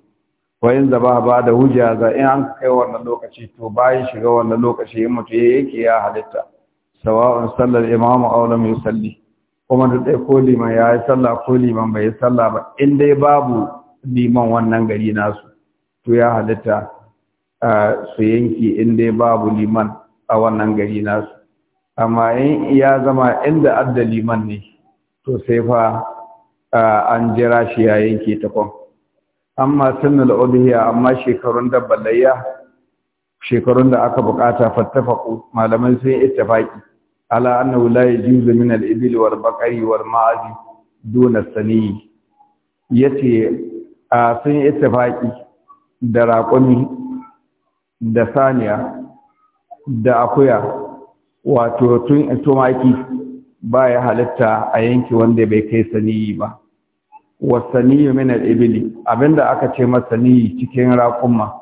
wa in zaba ba da hujja za in an kai wannan lokaci to bayan shiga wannan lokaci in mutum yake ya halitta sawa'un sallar imamu aw lam yusalli kuma da dai ko liman ya yi sallah ko liman bai yi sallah ba in dai babu liman wannan gari nasu to ya halitta su yanki in dai babu liman a wannan gari nasu amma in ya zama inda adda liman ne to sai fa an jira shi ya yanke takwan amma sunnul al'udhiya amma shekarun da shekarun da aka bukata fattafaku malaman sun ittifaqi ala annahu la yajuzu min al-ibil wal baqari wal ma'az dun as-sani yace sun ittifaqi da raƙumi da saniya da akuya wato tun tumaki ba ya halitta a yanki wanda bai kai saniyi ba wasaniyu min al-ibli abinda aka ce masaniyi cikin raƙumma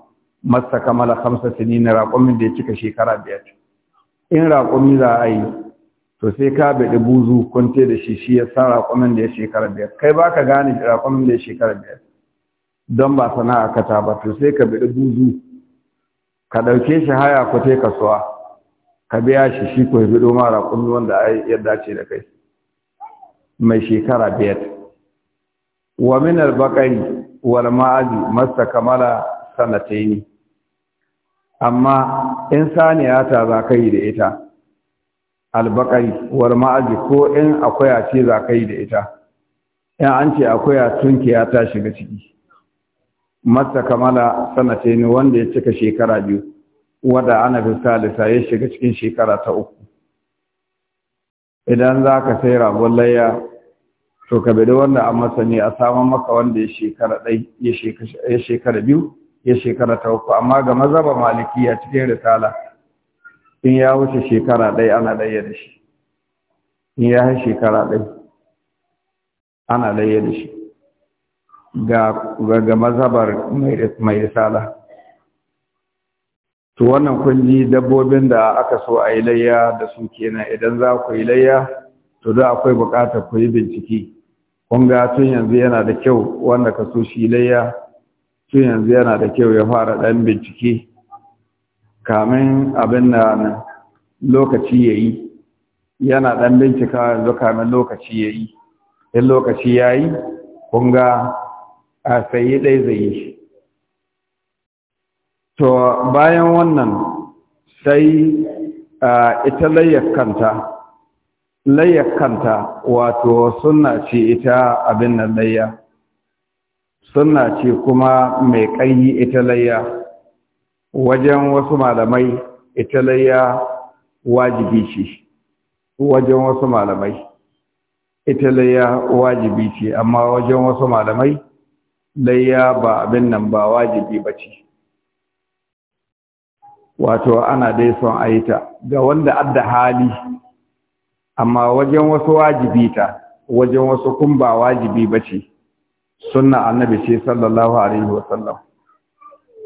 masa kamala khamsa sinina raƙumin da ya cika shekara biyar in raƙumi za a yi to sai ka bidi buzu kunte da shi shi ya sa raƙumin da ya shekara biyar kai ba ka gane raƙumin da ya shekara biyar don ba sana'a ka ta ba to sai ka bidi buzu ka ɗauke shi haya ku te kasuwa ka biya shi shi ku hibido mara kullu wanda yadda dace da kai mai shekara biyar wa min al wal ma'azi masta kamala sanataini amma in saniya ta za ka da ita albakari war ma'aji ko in akwai a ce za ka da ita in an ce akwai a tunkiya ta shiga ciki masa kamala sanatain wanda ya cika shekara biyu wadda ana fi salisa ya shiga cikin shekara ta uku idan za ka sai ragon layya to ka bidi wanda an ne a saman maka wanda ya shekara ɗai ya shekara biyu ya shekara ta uku amma ga mazaba maliki a cikin risala in ya wuce shekara ɗai ana layya da shi in ya shekara ɗai ana layya da shi ga mazhabar mai risala to wannan kun ji dabbobin da aka so a yi layya da su kenan idan za ku yi layya to da akwai buƙatar ku yi bincike kun ga tun yanzu yana da kyau wanda ka so shi layya tun yanzu yana da kyau ya fara ɗan bincike kamin abin da lokaci ya yi yana ɗan bincika yanzu kamin lokaci ya yi in lokaci ya yi kun ga a sayi ɗai zaye shi to bayan wannan sai ita layyar kanta layyar kanta wato suna ce ita abin nan layya suna ce kuma mai ƙanyi ita layya wajen wasu malamai ita layya wajibi ce wajen wasu malamai ita layya wajibi ce amma wajen wasu malamai layya ba abin nan ba wajibi ba ce wato ana dai son aita ga wanda adda hali amma wajen wasu wajibi ta wajen wasu kun ba wajibi ba ce sunna annabi ce sallallahu alaihi wasallam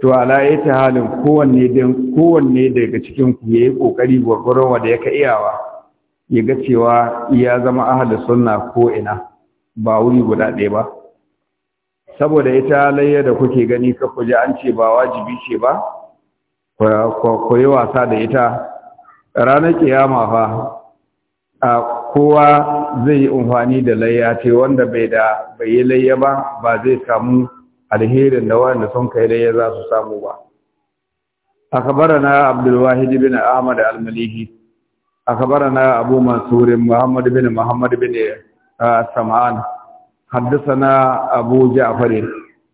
to ala ta halin kowanne din kowanne daga cikin ku yayi kokari gurgurun wanda yake iyawa ya ga cewa ya zama ahli sunna ko ina ba wuri guda ɗaya ba saboda ita layya da kuke gani ka kuje an ce ba wajibi ce ba ku yi wasa da ita ranar kiyama fa a kowa zai yi umfani da layya ce wanda bai da bai yi layya ba ba zai samu alherin da wanda sun kai layya za su samu ba أخبرنا abdulwahid bin ahmad almalihi المليحي أخبرنا أبو منصور muhammad bin muhammad bin سمعان حدثنا أبو جعفر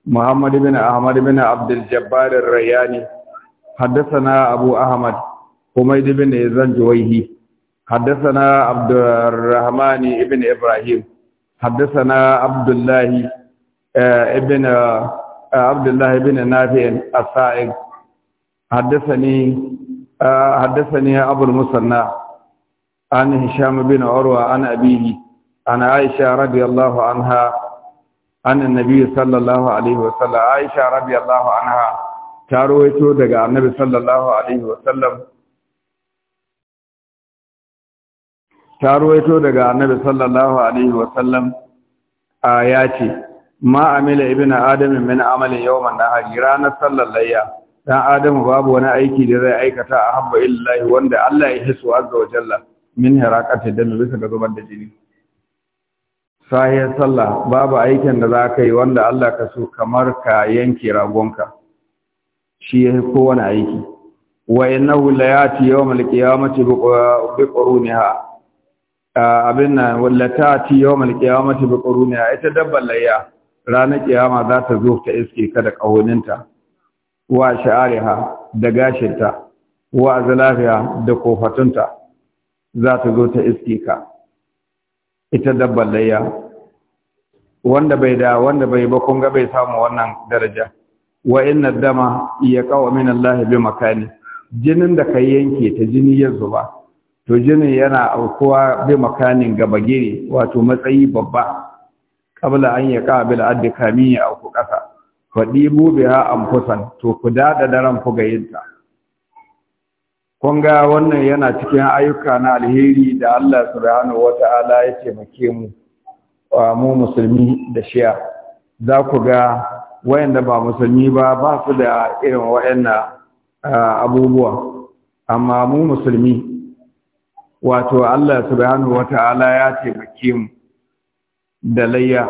محمد بن أحمد بن عبد الجبار الرياني حدثنا أبو أحمد حميد بن زنجويه حدثنا عبد الرحمن بن إبراهيم حدثنا عبد الله ابن عبد الله بن نافع السائق حدثني حدثني أبو المثنى عن هشام بن عروة عن أبيه عن عائشة رضي الله عنها عن النبي صلى الله عليه وسلم عائشة رضي الله عنها تارويتو دقاء النبي صلى الله عليه وسلم taruwaito daga annabi sallallahu alaihi wasallam a ya ma'amila Ibin Adamu, ibn adam min amali yawman nahari ranar sallar layya dan adamu babu wani aiki da zai aikata a habba illahi wanda Allah ya hisu azza wa jalla min hiraqati dami bisa ga zubar da jini sahiyar sallah babu aikin da za ka yi wanda Allah ka so kamar ka yanke ragonka shi ya kowane aiki wa innahu layati yawmal qiyamati bi quruniha abin nan yawmal qiyamati bi quruniha ita dabban layya ranar kiyama za ta zo ta iske ka da ƙauninta, wa sha'ariha da gashinta wa zalafiya da kofatunta za ta zo ta iske ka ita dabbar layya wanda bai da wanda bai ba kun ga bai samu wannan daraja wa inna dama ya qawa min Allah bi makani jinin da kai yanke ta jini ya zuba to jinin yana aukuwa bi makanin gaba gire wato matsayi babba kabla an ya qabil addi kamin ya auku kasa fadibu biha anfusan to ku da da daren ku gayinta kun ga wannan yana cikin ayyuka na alheri da Allah subhanahu wata'ala ya taimake mu mu musulmi da shiya za ku ga wayanda ba musulmi ba ba su da irin wayanna abubuwa amma mu musulmi wato Allah subhanahu wata'ala ya taimake mu da layya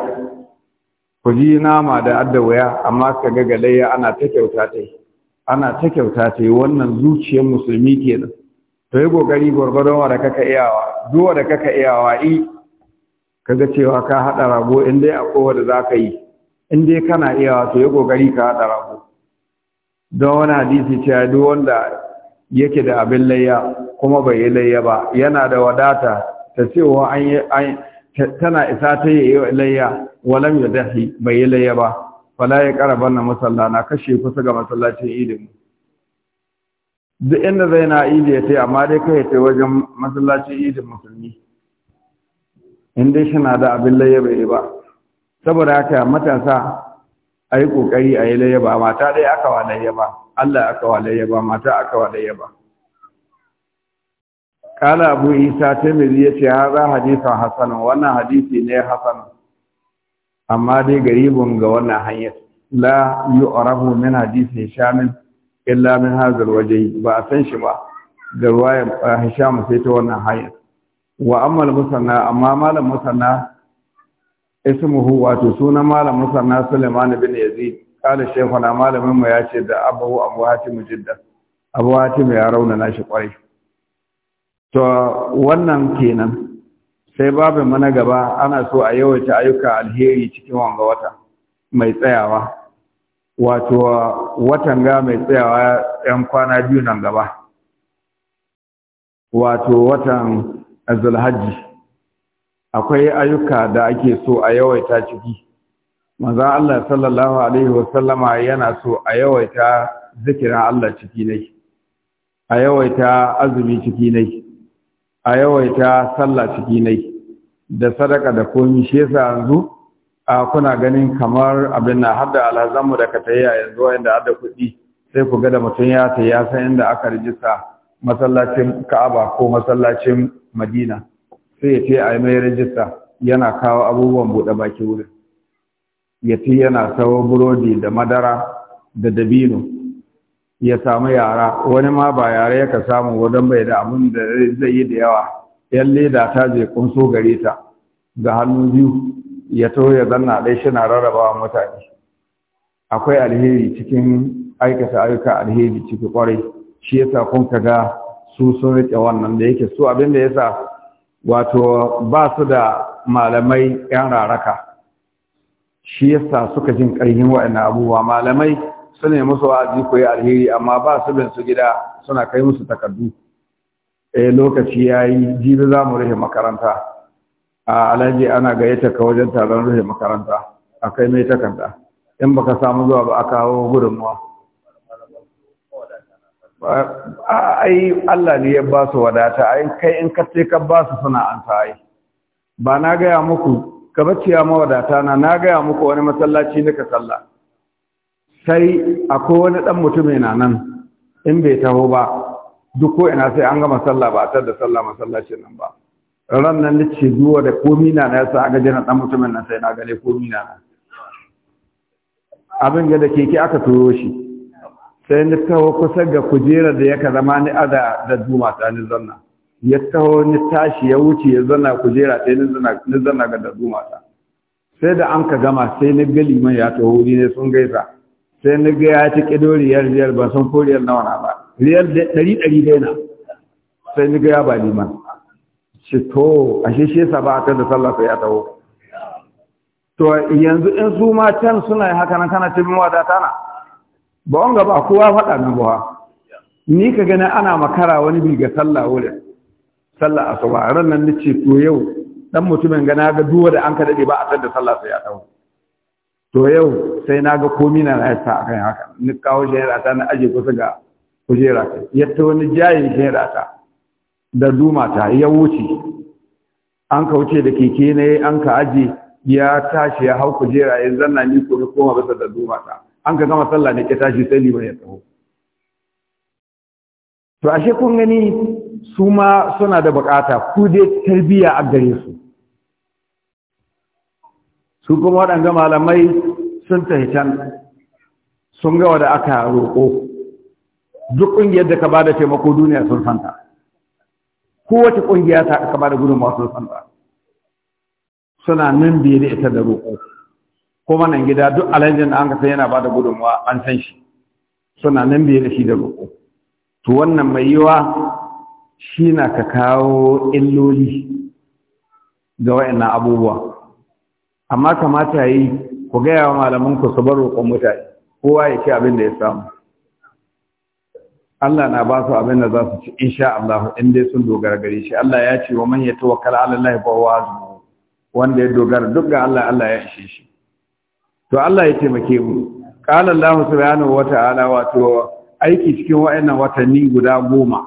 ku ji nama da adda wuya amma ka ga galayya ana ta kyauta ta yi ana ta kyauta ta yi wannan zuciyar musulmi kenan to yi kokari gwargwadon wa da kaka iyawa duwa da kaka iyawa i kaga cewa ka haɗa rago in dai akwai wanda za ka yi in dai kana iyawa to yi kokari ka haɗa rago don wani hadisi cewa duk wanda yake da abin layya kuma bai yi layya ba yana da wadata ta cewa an tana isa ta yi layya walam ya dahi bai yi layya ba fala ya karaban na masalla na kashe kusa ga masallacin idin duk inda zai na idi ya tai amma dai kai tai wajen masallacin idin musulmi in dai shi na da abin layyaba ya ba saboda haka matasa a yi ƙoƙari a yi layyaba mata dai aka wa layyaba Allah aka wa layyaba mata aka wa layyaba kala abu isa taimiri ya ce za hadisan hasanun wannan hadisi ne hasanun amma dai garibun ga wannan hanyar la yu'rafu min hadisi shamil illa min hadha waje? ba a san shi ba ga ruwayar eh, hisham sai ta wannan hanyar wa amma al-musanna amma malam musanna ismuhu wato sunan malam musanna Sulaiman bin Yazid kala na malamin mu ya ce da abu abu hatim jidda abu hatim ya rauna nashi kwarai to wannan kenan sai babu mana gaba ana so a yawaita ayyuka alheri cikin wanga wata mai tsayawa wato watan ga mai tsayawa yan kwana biyu nan gaba wato watan zulhajji akwai ayyuka da ake so a yawaita ciki manzon Allah sallallahu alaihi wasallama yana so a yawaita zikirin Allah ciki ne a yawaita azumi ciki ne a yawaita sallah ciki nai da sadaka da komi shi yasa yanzu a kuna ganin kamar abin na hadda alazamu da ka a yanzu wanda hadda kuɗi sai ku ga da mutum ya ta ya san inda aka rijista masallacin Ka'aba ko masallacin Madina sai ya ce a yi mai rijista yana kawo abubuwan buɗe baki wurin ya ce yana sawo burodi da madara da dabino ya samu yara wani ma ba yara yaka samu wadon bai da abin da zai yi da yawa yan leda ta je kunso gare ta ga hannu biyu ya to ya zanna dai shi na rarrabawa mutane akwai alheri cikin aikata ayyuka alheri ciki kwarai shi yasa kun ga su sun rike wannan da yake su abin da yasa wato ba su da malamai yan raraka shi yasa suka jin ƙarfin waɗannan abubuwa malamai su ne musu wa'azi ko yi alheri amma ba su bin su gida suna kai musu takardu eh lokaci yayi jibi za mu rufe makaranta a alaji ana gayyata ka wajen taron rufe makaranta akai mai takarda in baka samu zuwa ba aka hawo gurin mu ai Allah ne ya ba su wadata ai kai in ka ce ka ba su suna an ta ba na ga ya muku gabaciya wadata na na ya muku wani masallaci nika sallah sai akwai wani ɗan mutum yana nan in bai taho ba duk ko ina sai an gama sallah ba a tar da sallah masallacin nan ba ran nan nace zuwa da komi na na yasa aga jana ɗan mutumin nan sai na gane komi na abin ga da keke aka turo shi sai ni taho kusa ga kujerar da yaka zama ni ada da duma ta ni zanna ya taho ni tashi ya wuce ya zanna kujera sai ni zanna ga da duma ta sai da an ka gama sai ni galiman ya taho ni ne sun gaisa sai na ga ya ci kido riyar riyar ba san ko riyar nawa na ba riyar ɗari ɗari dai na sai na ga ya ba liman shi to a shi sa ba a da sallah sai ya taho to yanzu in su ma can suna haka nan kana cikin wada tana. ba wanga ba kowa faɗa na buwa ni ka gani ana makara wani bi ga sallah wurin sallah asuba ran nan nace to yau dan mutumin gana ga duwa da an ka dade ba a tada sallah sai ya taho to yau sai na ga komi na na yasa akan haka ni kawo shahira ta na aje kusa ga kujera ta yadda wani jayin shahira ta da duma ta ya wuce an ka wuce da keke ne an ka aje ya tashi ya hau kujera ya zanna ni ko ni koma bisa da duma ta an ka gama sallah ne ke tashi sai liman ya taho to ashe kun gani su ma suna da bukata ku dai tarbiya a gare su su kuma waɗanda malamai sun tahitan sun ga da aka roƙo duk ƙungiyar da ka ba da taimako duniya sun santa kowace ƙungiya ta aka ba da gudunmawa sun santa suna nan biyu da ita da roƙo kuma nan gida duk alhajin da an ka san yana ba da gudunmawa an san shi suna nan biyu da shi da roƙo to wannan mai yiwa shi na ka kawo illoli ga wa'annan abubuwa amma kamata yi ku gaya wa malamanku su bar roƙon mutane kowa ya ci abin da ya samu Allah na ba su abin da za su ci insha Allah in dai sun dogara gare shi Allah ya ce wa man ya tawakkala ala Allah fa huwa wanda ya dogara duk ga Allah Allah ya ishe shi to Allah ya taimake mu qala Allah subhanahu wa ta'ala wato aiki cikin wayannan watanni guda goma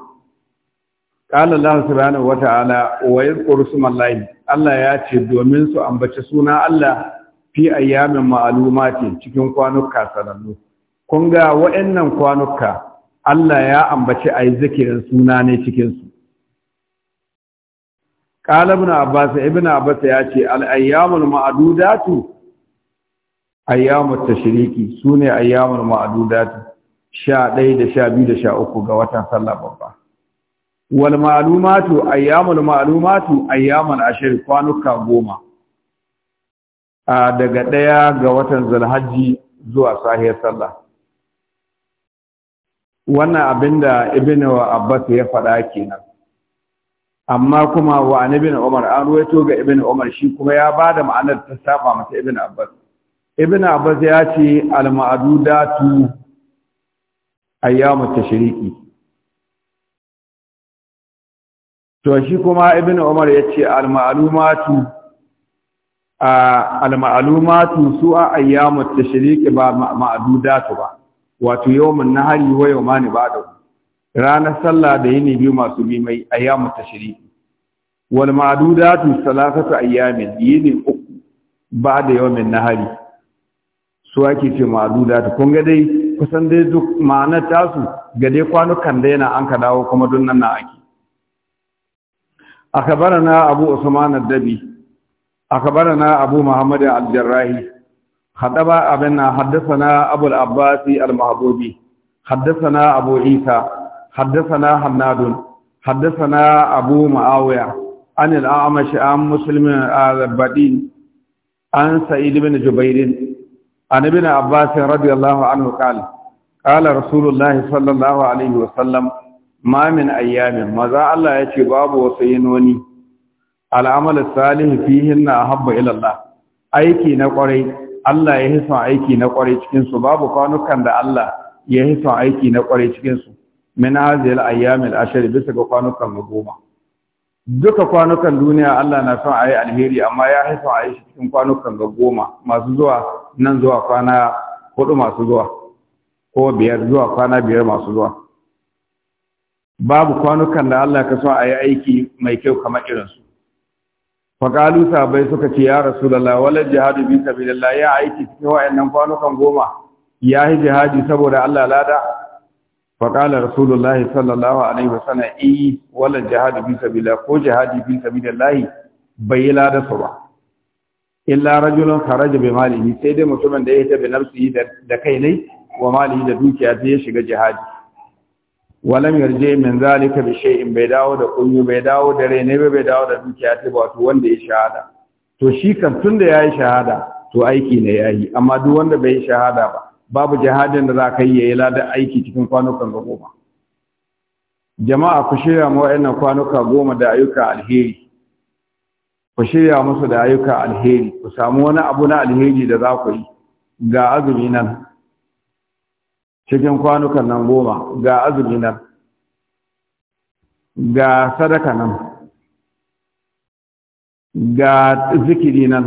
قال الله سبحانه وتعالى ويذكر wa الله الله allah ya ce domin su ambaci suna allah fi ayyamin ma'lumati cikin kwanuka sanannu kun ga waɗannan kwanuka Allah ya ambaci a yi zikirin suna ne cikinsu. Ibn Abbas, Ibn Abbas ya ce, Al'ayyamul ma'adudatu, ayyamul tashiriki su ne ayyamul ma'adudatu, sha ɗaya da sha biyu da sha uku ga watan sallah babba. wal ma'lumatu ayyamul ma'lumatu ayyaman ashir kwanuka goma a daga ɗaya ga watan zulhajji zuwa sahiyar sallah wannan abinda ibnu abbas ya faɗa kenan amma kuma wa ibn umar an ruwaito ga ibnu umar shi kuma ya bada ma'anar ta saba mata ibnu abbas ibnu abbas ya ce al ma'dudatu ayyamu tashriqi to shi kuma ibn umar ya ce al-ma'lumatu al-ma'lumatu su a ayyamut tashriq ba ma'dudatu ba wato yawmun nahari wa yawmani ba'da ranar sallah da yini biyu masu bi mai ayyamut tashriq wal ma'dudatu salasatu ayyamin yini uku ba'da yawmin nahari su ake ce ma'dudatu kun ga dai kusan dai duk ma'anar tasu ga dai kwanukan dai na an ka dawo kuma nan na ake أخبرنا أبو عثمان الدبي أخبرنا أبو محمد الجراحي خطب أبنا حدثنا أبو العباس المحبوبي حدثنا أبو عيسى حدثنا حناد حدثنا أبو معاوية عن الأعمش عن مسلم البدين عن سعيد بن جبير عن ابن عباس رضي الله عنه قال قال رسول الله صلى الله عليه وسلم mamin ayyamin maza Allah ya ce babu wasu yinoni al'amal salihu fihin na habba ilallah aiki na ƙwarai, Allah ya hison aiki na ƙwarai cikinsu babu kwanukan da Allah ya hison aiki na ƙwarai cikinsu min hazil ayyamin ashir bisa ga kwanukan goma duka kwanukan duniya Allah na son ayi alheri amma ya haifa a yi cikin kwanukan ga goma masu zuwa nan zuwa kwana hudu masu zuwa ko biyar zuwa kwana biyar masu zuwa babu kwanukan da Allah ka so a yi aiki mai kyau kamar irinsu sa sabai suka ce ya rasulallah walar jihadu bi sabilillah ya aiki cikin wa'annan kwanukan goma ya yi jihadi saboda Allah lada faƙala rasulullah sallallahu alaihi wasallam eh walar jihadu bi sabilillah ko jihadi bi sabilillah bai yi lada su ba illa rajulun kharaja bi malihi sai dai mutumin da ya tafi nafsihi da kai ne wa malihi da dukiya sai ya shiga jihadi walam yarje min zalika bi shay'in bai dawo da kunyu bai dawo da rai ne bai dawo da dukiya ta to wanda ya shahada to shi kan tunda yayi shahada to aiki ne yayi amma duk wanda bai shahada ba babu jihadin da zaka yi yayi ladan aiki cikin kwanukan goma jama'a ku shirya mu wayannan kwanuka goma da ayyuka alheri ku shirya musu da ayyuka alheri ku samu wani abu na alheri da za ku yi ga azumi nan cikin kwanukan nan goma ga azumi nan ga sadaka nan ga zikiri nan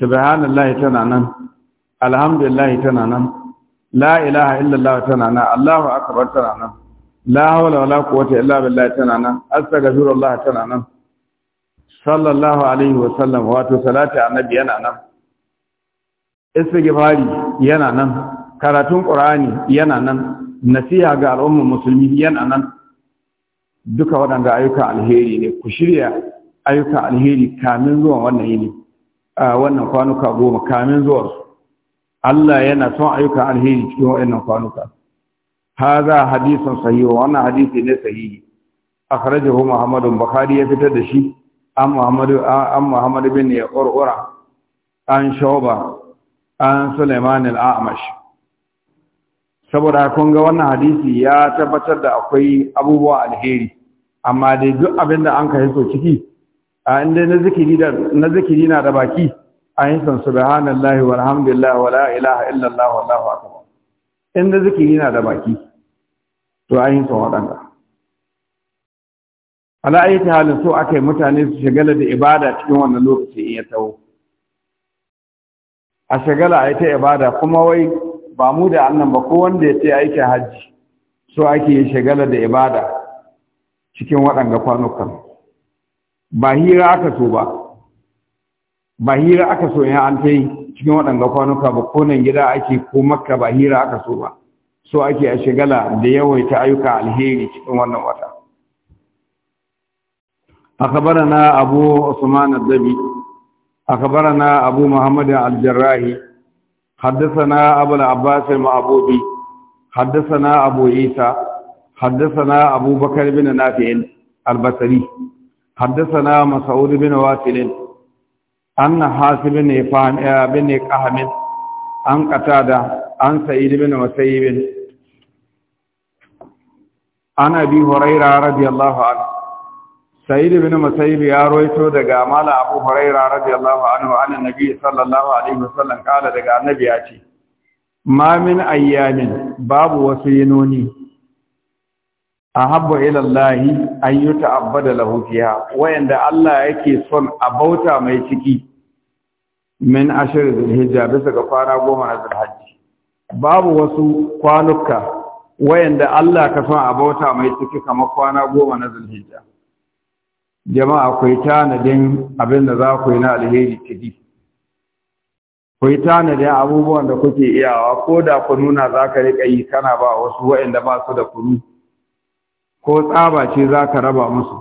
subhanallahi tana nan alhamdulillahi tana nan la ilaha illallah tana nan allahu akbar tana nan la hawla wala quwwata illa billah tana nan astaghfirullah tana nan sallallahu alaihi wa sallam wato salati annabi yana nan istighfari yana nan karatun ƙur'ani yana nan nasiha ga al'ummar musulmi yana nan duka waɗanda ayyuka alheri ne ku shirya ayyuka alheri kamin zuwa wannan yini a wannan kwanuka goma kamin zuwa Allah yana son ayyuka alheri cikin waɗannan kwanuka a hadithun sahih wannan hadisi ne sahihi akhrajahu Muhammad Bukhari ya fitar da shi an Muhammad an Muhammad bin Urura an shawba an Sulaiman al-A'mash saboda kun ga wannan hadisi ya tabbatar da akwai abubuwa alheri amma dai duk abin da an kai so ciki a inda na zikiri da na zikiri na da baki a yin san subhanallahi walhamdulillah wala ilaha illallah wallahu akbar inda zikiri na da baki to a yin san wadanda ala ayyati halin so akai mutane su shagala da ibada cikin wannan lokaci in ya tawo a shagala a ta ibada kuma wai ba mu da annan ba ko wanda ya ce aikin hajji so ake yin shagala da ibada cikin waɗanga kwanukan ba hira aka so ba ba hira aka so ya an ta yi cikin waɗanga kwanuka ba ko nan gida ake ko makka ba hira aka so ba so ake a shagala da yawaita ayyuka alheri cikin wannan wata أخبرنا أبو عثمان الدبي أخبرنا أبو محمد الجراحي حدثنا أبو العباس المعبودي حدثنا أبو عيسى حدثنا أبو بكر بن نافع البصري حدثنا مسعود بن واسل أن حاسب بن إفان آه، بن كهم أن قتادة أن سعيد بن مسيب أن أبي هريرة رضي الله عنه sa'id ibn musayyib ya roito daga mala abu huraira radiyallahu anhu anan nabi sallallahu alaihi wasallam kala daga annabi ya ce ma min ayyamin babu wasu yinoni ahabbu ila allah an yuta'abbada lahu fiha wayanda Allah yake son a bauta mai ciki min ashir zulhijja bisa ga kwana goma na zulhajji babu wasu kwanuka wayanda Allah ka son a bauta mai ciki kamar kwana goma na zulhijja jama'a ku yi tanadin abin da za ku yi na alheri ciki ku yi tanadin abubuwan da kuke iyawa ko da ku nuna za ka riƙa yi kana ba wasu wa'inda ba su da kunu ko tsaba ce za ka raba musu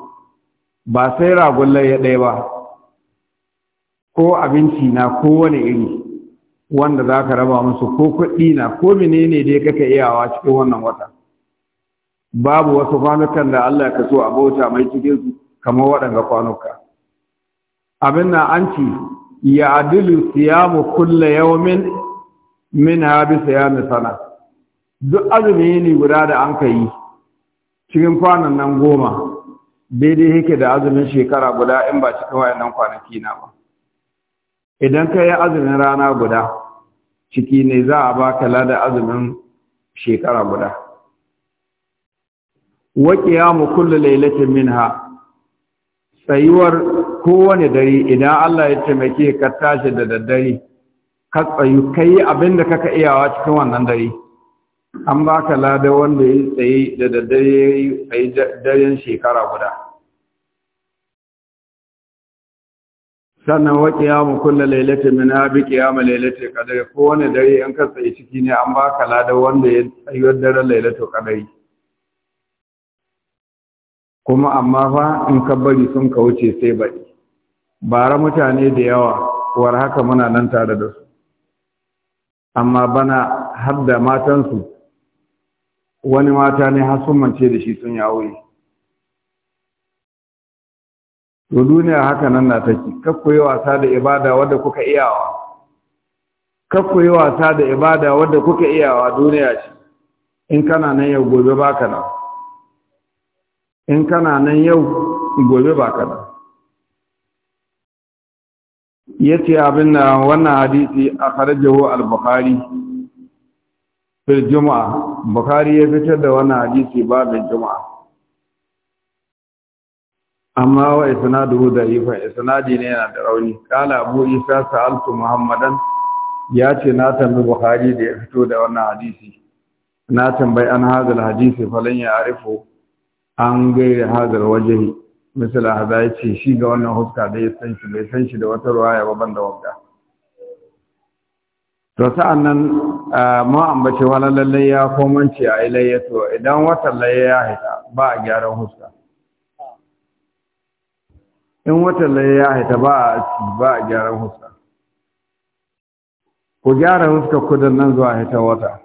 ba sai ragun ya ɗaya ba ko abinci na ko wani iri wanda za ka raba musu ko kuɗi na ko menene dai kaka iyawa cikin wannan wata babu wasu kwanukan da Allah ka so a bauta mai cikinsu kamar waɗanga kwanuka abin na an ci ya adilu siyamu kulle yawmin min habi siyami sana duk azumi ne guda da an ka yi cikin kwanan nan goma daidai yake da azumin shekara guda in ba cikin nan kwanaki na ba idan ka yi azumin rana guda ciki ne za a ba baka lada azumin shekara guda wa mu kulle lailatin ha. tsayuwar kowane dare idan Allah ya taimake ka tashi da daddare ka tsayu kai abin da kaka iyawa cikin wannan dare an ba ka lada wanda ya tsaye da daddare ya yi daren shekara guda sannan wa qiyamu kullu lailatin min abi qiyamu lailatul kadari kowane dare in ka tsaye ciki ne an ba ka lada wanda ya tsayuwar daren lailatul kadari kuma amma fa in ka bari sun ka wuce sai baɗi bara mutane da yawa war haka muna nan tare da su amma bana har da matansu wani mata ne har sun mance da shi sun yi aure to duniya haka nan na take kakku yi wasa da ibada wadda kuka iyawa kakku yi wasa da ibada wadda kuka iyawa duniya ce in kana nan yau gobe baka nan in kana nan yau gobe ba kada yace abin da wannan hadisi a kharajahu al-bukhari fil juma'a bukhari ya fitar da wannan hadisi babin juma'a amma wa isnaduhu da'ifa isnadi ne yana da rauni kala abu isa sa'altu muhammadan ya ce na tambayi bukhari da ya fito da wannan hadisi na tambayi an hadal hadisi falan ya arifu an gaira hadar waje misali haza ya ce shi ga wannan huska da ya san shi bai san shi da wata ruwaya ba banda wadda to sa'an nan mu ambace wala lalle ya komanci a ilayya to idan watan laye ya haita, ba a gyaran huska in watan laye ya haita, ba a ba a gyaran huska ku gyara huska kudin nan zuwa haita wata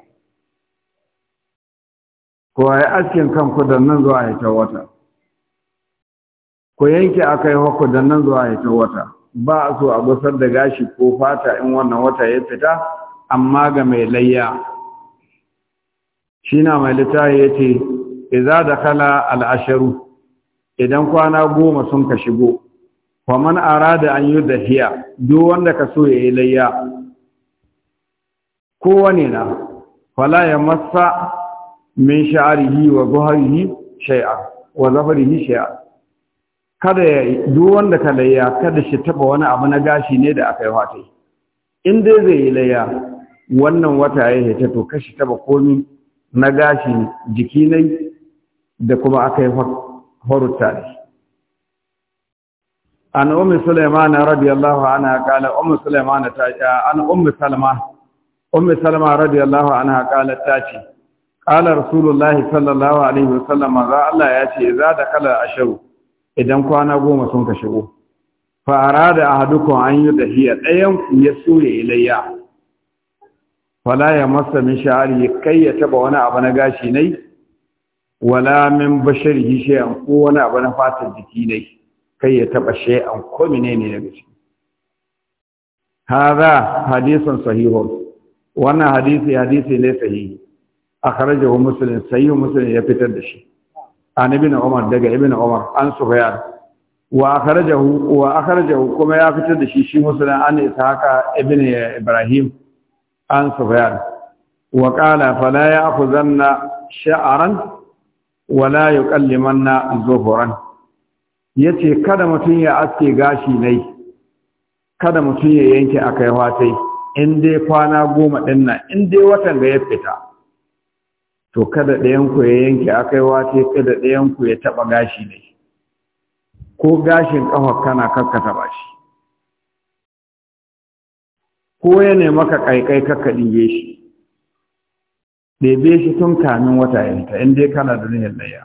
ko ai askin kanku da nan zuwa ya wata ku yanke akai hako da nan zuwa ya wata ba a so a gusar da gashi ko fata in wannan wata ya fita amma ga mai layya shi na mai littafi ya ce iza da kala al'asharu idan kwana goma sun ka shigo kwaman arada an yi dahiya duk wanda ka so ya yi layya kowane na fala ya masa min sha'arihi wa zuharihi shay'a wa zafarihi shay'a kada ya duk wanda ka layya kada shi taba wani abu na gashi ne da aka yi wata in dai zai yi layya wannan wata ya ta to kashi taba komi na gashi jiki ne da kuma aka yi horutta ne an ummi sulaiman radiyallahu anha kala ummi sulaiman ta an ummi salma ummi salma radiyallahu anha kala ta ce ala rasulullahi sallallahu alaihi wasallam za Allah ya ce za da kala asharu idan kwana goma sun ka shigo fa arada ahadukum an yudhiya dayan ya suye ilayya Wala ya masa min sha'ari kai ya taba wani abu na gashi nai wala min basharihi shay'an ko wani abu na fatar jiki nai kai ya taba shay'an ko menene ne daga ciki hadha hadithun sahihun wannan hadisi hadisi ne sahihi akhrajahu muslim sayyu muslim ya fitar da shi an ibn umar daga ibn umar an sufyan wa akhrajahu wa akhrajahu kuma ya fitar da shi shi muslim an isa ishaqa ya ibrahim an sufyan wa qala fala ya'khuzanna sha'ran wala yuqallimanna zuhuran yace kada mutun ya aske gashi nai kada mutun ya yanke akai watai in dai kwana goma din nan in dai watan ga ya fita to kada ɗayan ku ya yanke kai wace, kada ɗayanku ya taɓa gashi ne ko gashin ƙafa kana kakka taɓa shi ko ya nema ka ƙaiƙai kakka ɗige shi ɗebe shi tun kamin wata yanta in dai kana da niyyar ɗaya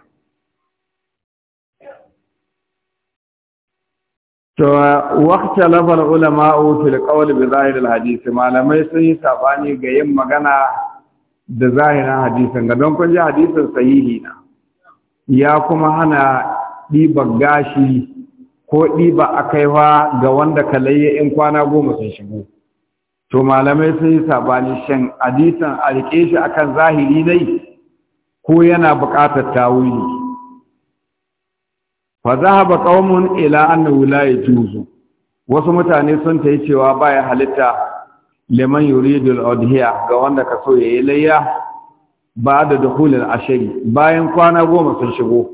to waqta lafal ulama'u fil qawl bi zahir al hadith malamai sun yi sabani ga yin magana da zahirin hadisin ga don kun ji hadisin sahihi na ya kuma hana ɗiba gashi ko ɗiba akaiwa ga wanda kalayya in kwana goma sun shigo to malamai sun yi sabani shan hadisin a rike shi akan zahiri dai ko yana buƙatar tawili fa zahaba qaumun ila annahu la yajuzu wasu mutane sun tayi cewa baya halitta liman yuridu al-udhiya ga wanda ka so yayi layya ba da dukhul al-ashri bayan kwana goma sun shigo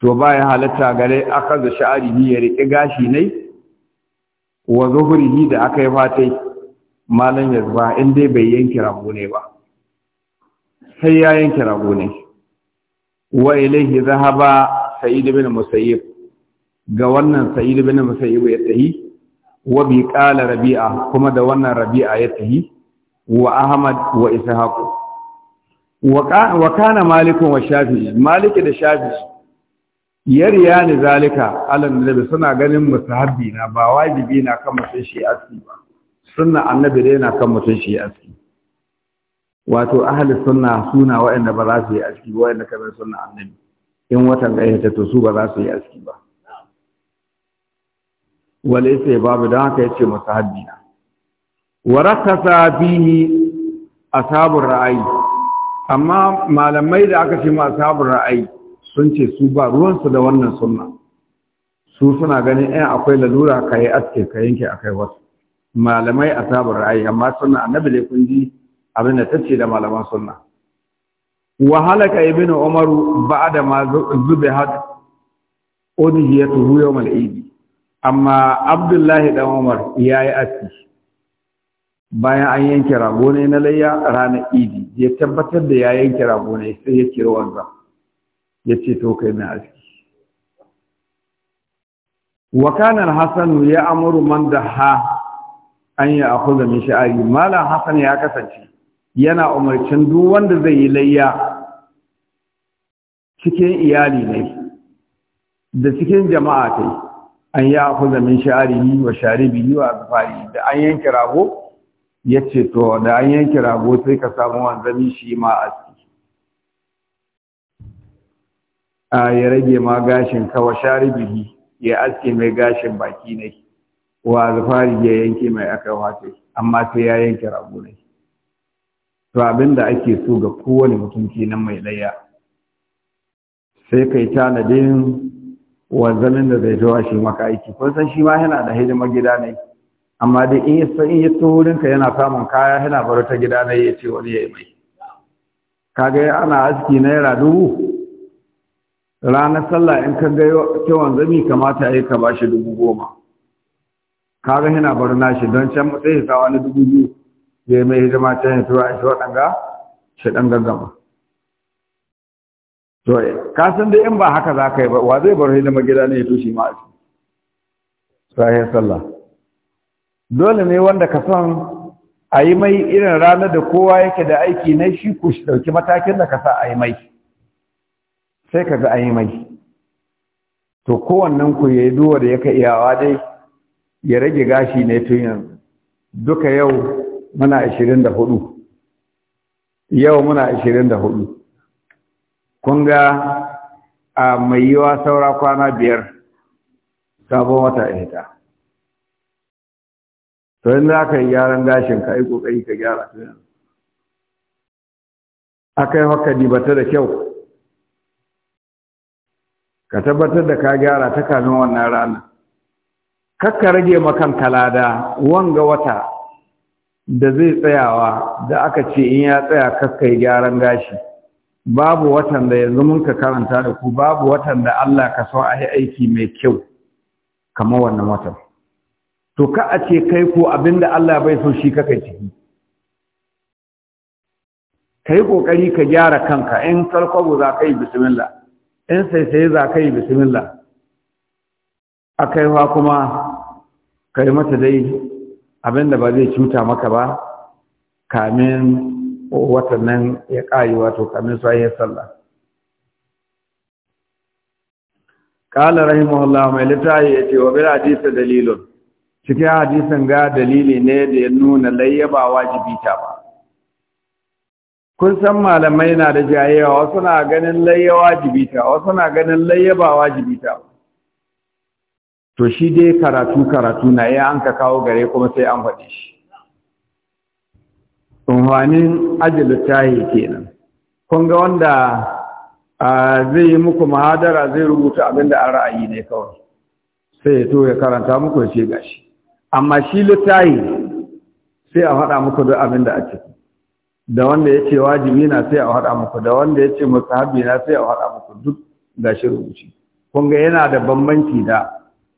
to bayan halatta gare aka da sha'ari ya rike gashi ne wa zuhrihi da aka yi fatai malan yazba in dai bai yanki rago ne ba sai ya yanki rago ne wa ilayhi zahaba sa'id ibn musayyib ga wannan sa'id ibn musayyib ya tahi wa bi qala rabi'a kuma da wannan rabi'a ya tahi wa ahmad wa ishaq wa kana malik wa shafi'i malik da shafi'i yariya ne zalika alan nabi suna ganin musahabi na ba wajibi na kan mutun shi aski ba sunna annabi dai na kan mutun shi aski wato ahli sunna suna waɗanda ba za su yi aski ba waɗanda kamar sunna annabi in watan gaihata to su ba za su yi aski ba wale sai babu don haka yace ce na warakasa bihi ashabur ra'ayi amma malamai da aka ce ma ra'ayi sun ce su ba ruwansu da wannan sunna su suna ganin ɗan eh, akwai lalura ka yi aske ka yanke a kai wasu malamai sabon ra'ayi amma sunna annabi ne kun ji abin da tace da malaman sunna wa halaka ibnu umaru ba'da ma zubihat udhiyatuhu yawm al-eid amma abdullahi dan umar ya yi aski bayan an yanke rago ne na layya ranar idi ya tabbatar da ya yanke rago ne sai ya kira wanzan ya ce to kai mai aski wakanar Hassan ya amuru man da ha an yi akwai min sha'ari malam Hassan ya kasance yana umarcin duk wanda zai yi layya cikin iyali ne da cikin jama'a ta an yi akuza zamin sha'arihi wa sharibihi wa azfari da an yanke rago ya ce to da an yanke rago sai ka samu wanzami shi ma ciki a ya rage ma gashin ka wa ya aske mai gashin baki ne wa azfari ya yanke mai aka wace amma sai ya yanke rago ne to abin da ake so ga kowane mutum kenan mai laya sai kai tanadin wanzanin da zai tawa shi maka aiki kun san shi ma yana da hidimar gida ne amma dai in yasa in yato ka yana samun kaya yana baro ta gida ne ya ce wani ya yi mai kaga ana aski naira dubu ranar sallah in ka ga ta wanzami kamata ya yi ka bashi dubu goma kaga yana baro nashi don can sai ya sa wani dubu biyu ya mai hidima can ya tura shi waɗanga shi ɗan gaggama Kasan ka dai in ba haka za ka yi ba wa zai bar hidima gida ne ya tushe ma a ciki sallah dole ne wanda ka san a yi mai irin ranar da kowa yake da aiki na shi ku shi ɗauki matakin da ka sa a yi mai sai ka ga a yi mai to kowannen ku ya yi duwa da yaka iyawa dai ya rage gashi ne tun yanzu duka yau muna ashirin da hudu yau muna ashirin da hudu kun ga a mai yiwa saura kwana biyar sabon wata ita to yin za ka yi gyaran gashin ka yi kokari ka gyara tunan aka yi haka dibata da kyau ka tabbatar da ka gyara ta kanin wannan rana kakka rage makan kalada wanga wata da zai tsayawa da aka ce in ya tsaya kakka yi gyaran gashi babu watan da yanzu mun ka karanta da ku babu watan da Allah ka so a yi aiki mai kyau kamar wannan watan to ka a ce kai ko abinda Allah bai so shi kai ciki ka yi ƙoƙari ka gyara kanka in kalkwabo za ka yi bismillah in saisaye za ka yi bismillah a kaiwa kuma ka yi mata dai abinda ba zai cuta maka ba kamin watan nan ya ƙayi wato kamin su ayyar sallah ƙala rahimahullah mai littafi ya ce wa bil hadith dalilun cikin hadisin ga dalili ne da ya nuna layyaba wajibi ta ba kun san malamai na da jayewa wasu na ganin layya wajibi ta wasu na ganin layyaba wajibi ta to shi dai karatu karatu na iya an ka kawo gare kuma sai an faɗi shi amfanin aji littafi kenan kun ga wanda zai yi muku mahadara zai rubuta abin da an ra'ayi ne kawai sai ya karanta muku ya ce gashi amma shi littafi sai a faɗa muku duk abin a ciki da wanda ya ce wajibi na sai a faɗa muku da wanda ya ce musahabi na sai a faɗa muku duk gashi rubuci kun yana da bambanci da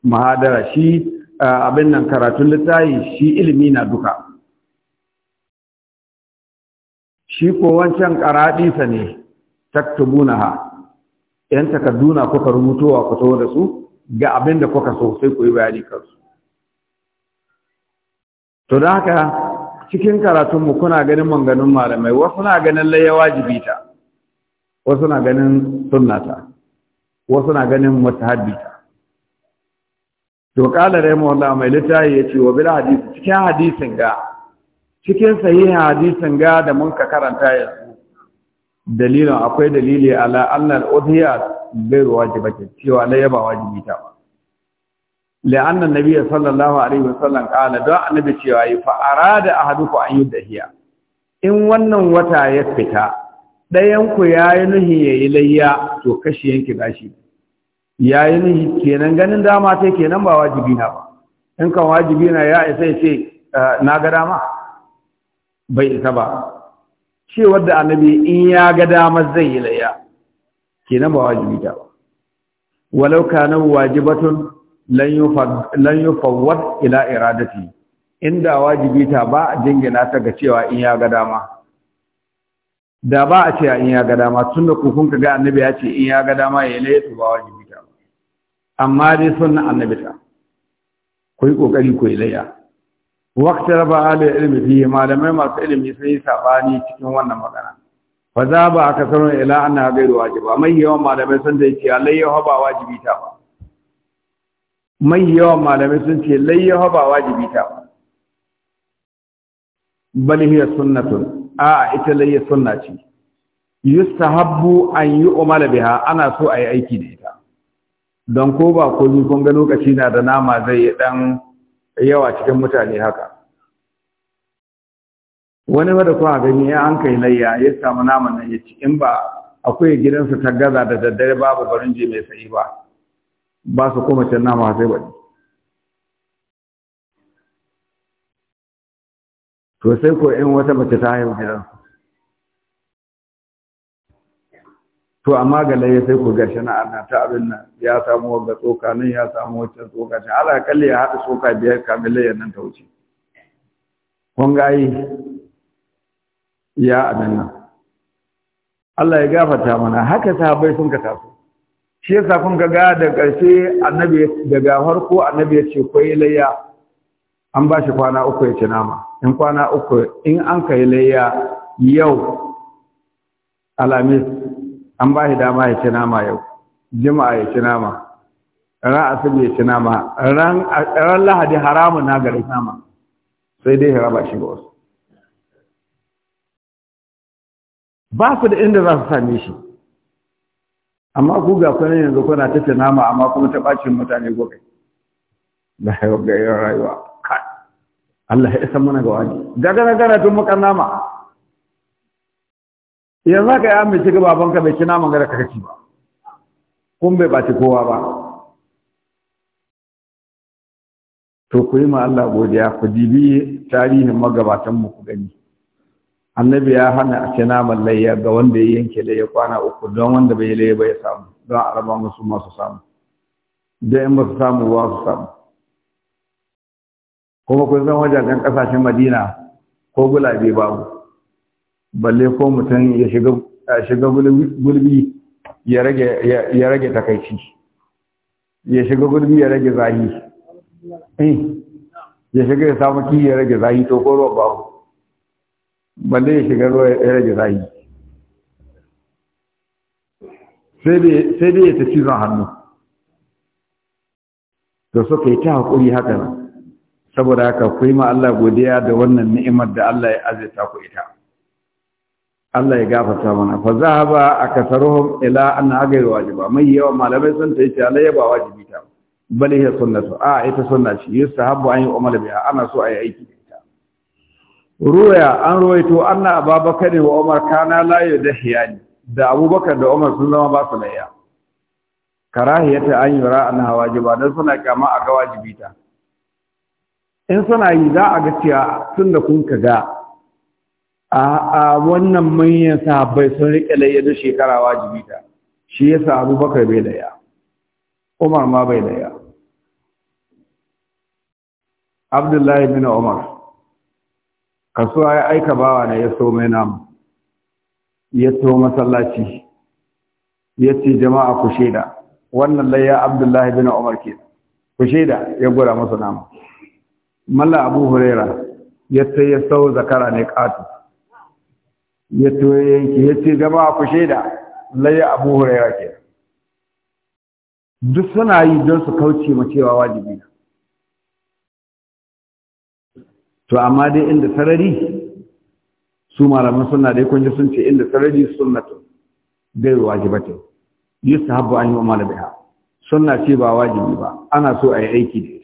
mahadara shi abin nan karatun littafi, shi ilimi na duka shi ko wancan ƙaraɗisa ne taktubunaha yan takarduna kuka rubutowa ku taho da su ga abin da kuka so sai ku yi bayani kansu to da haka cikin karatunmu kuna ganin manganun malamai wasu na ganin laye wajibi ta wasu na ganin sunnata wasu na ganin mutahaddi ta to qala rahimahullah mai litayi yace wa bil hadisi cikin hadisin ga cikin sahihin hadisin ga da mun ka karanta yanzu dalilin akwai dalili ala annal udhiya bai wajibati cewa la yaba wajibi ta la'anna nabiyyi sallallahu alaihi wasallam qala da annabi cewa yi fa arada ahadukum an yudhiya in wannan wata ya fita dayan ku yayi nuhi yayi layya to kashi yanki gashi yayi nuhi kenan ganin dama take kenan ba wajibi na ba in kan wajibi na ya isa ce eh, na ga dama bai isa ba cewar da annabi in ya ga damar zai yi Ke kenan ba wajibi ta ba walau kana wajibatun lan yufawwad ila iradati inda wajibi ta ba a jingina ta ga cewa in ya ga dama da ba a ce in ya ga dama tun da kukun ka ga annabi ya ce in ya ga dama ya laye su ba wajibi ta amma dai sunna annabi ta ku yi kokari ku yi laya wakta raba ala ilmi bihi malamai masu ilimi sun yi sabani cikin wannan magana fa za ba aka sanar ila anna gairu wajiba mai yawan malamai sun ce layya ha ba wajibi ta ba mai yawan malamai sun ce ha ba wajibi ta ba bali hiya sunnatun a ita layya sunna ce yustahabbu an yu'mala biha ana so ayi aiki da ita don ko ba ko kun ga lokaci na da nama zai dan yawa cikin mutane haka wani wadda kuma gani ya an kai layya ya samu naman nan ya ci in ba akwai gidansa ta gaza da daddare babu barin je mai sayi ba ba su koma can nama sai baɗi to sai ko in wata mace ta haihu gidansu to amma ga laye sai ku gashi na ana ta abin nan ya samu wanga tsoka nan ya samu wancan tsoka can ala kalli ya haɗa tsoka biyar kamin layan nan ta wuce kun ga yi ya abin nan Allah ya gafata mana haka sahabbai sun ka taso shi yasa kun ga ga da ƙarshe annabi daga farko annabi ya ce koyi layya an ba shi kwana uku ya ci nama in kwana uku in an kai layya yau alamis an ba shi dama ya ci nama yau jima'a ya ci nama ran asibi ya ci nama ran lahadi haramun na gari nama sai dai haraba shi ga wasu ba su da inda za su same shi amma ku ga kwanan yanzu kuna ta ci nama amma kuma ta bacin mutane gobe da yin rayuwa Allah ya isa mana ga wani daga na gana tun muka nama yanzu haka ya amince ga babanka bai ci naman gara kaka ci ba kun bai baci kowa ba to ku yi ma Allah godiya ku dibi tarihin magabatan mu ku gani annabi ya hana a ci naman layya ga wanda ya yanke da ya kwana uku don wanda bai layya ba ya samu don a raba musu masu samu da in ba su samu ba su samu kuma kun san wajajen kasashen madina ko gulabe babu balle ko mutum ya shiga gulbi ya rage takaici ya shiga gulbi ya rage zahi eh, ya shiga ya samu ki ya rage zahi to koro ba. babu balle ya shiga ruwa ya rage zahi sai dai ya tafi zan hannu da suka yi ta haƙuri haka saboda haka ku yi ma Allah godiya da wannan ni'imar da Allah ya azurta ku ita Allah ya gafarta mana fa zahaba akasaruhum ila anna ghayr wajiba mai yawa malamai sun ta yace Allah ya ba wajibi ta bal ya sunnatu a ita sunna ce yusahabu an yu'mal biha ana so ayi aiki da ita ruya an ruwaito anna ababakar wa umar kana la yudhiyani da abubakar da umar sun zama ba su layya karahiyata an yura anna wajiba dan suna kama a ga wajibi ta in suna yi za a ga cewa tunda kun ka ga a wannan manyan sahabbai sun riƙe layyadar shekara wajibi ta shi ya sa abubakar bai daya umar ma bai daya abdullahi bin umar kasuwa ya aika bawa na ya so mai nam. ya to masallaci ya ce jama'a ku shaida wannan layya abdullahi bin umar ke ku shaida ya gura masa nam. malla abu huraira ya sai ya sau zakara ne ƙatu ya toye yanki ya ce jama'a ku shaida laye abu huraira ke duk suna yi don su kauce ma cewa wajibi to amma dai inda sarari su malaman suna dai kun ji sun ce inda sarari sunnatu dai wajibatin su habu an yi umar biha suna ce ba wajibi ba ana so a yi aiki da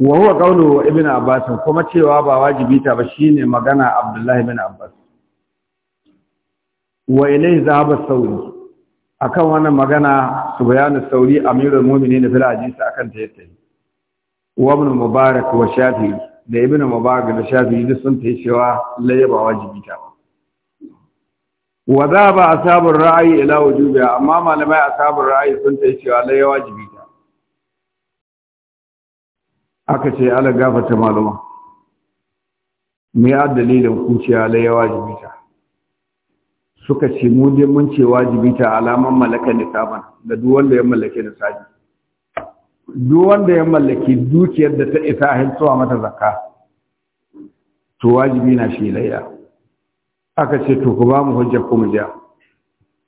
wa huwa qawlu ibn abbas kuma cewa ba wajibi ta ba shine magana abdullahi ibn abbas wa ilai zahaba sauri akan wannan magana subyanu sauri amirul mu'minin fil hadis akan ta yace wa ibn mubarak wa Shafi da ibn mubarak da Shafi duk sun tayi cewa lai ba wajibi ta ba wa zaba asabur ra'ayi ila wujubiha amma malamai asabur ra'ayi sun tayi cewa lai wajibi aka ce ala gafata maluma mai a dalilin kuciya la ya wajibi ta suka ce mu dai mun ce wajibi ta alaman malaka nisaban da duk wanda ya mallake saji duk wanda ya mallaki dukiyar da ta isa haihuwa mata zakka to wajibi na shi layya aka ce to ku ba mu hujja ku mu ja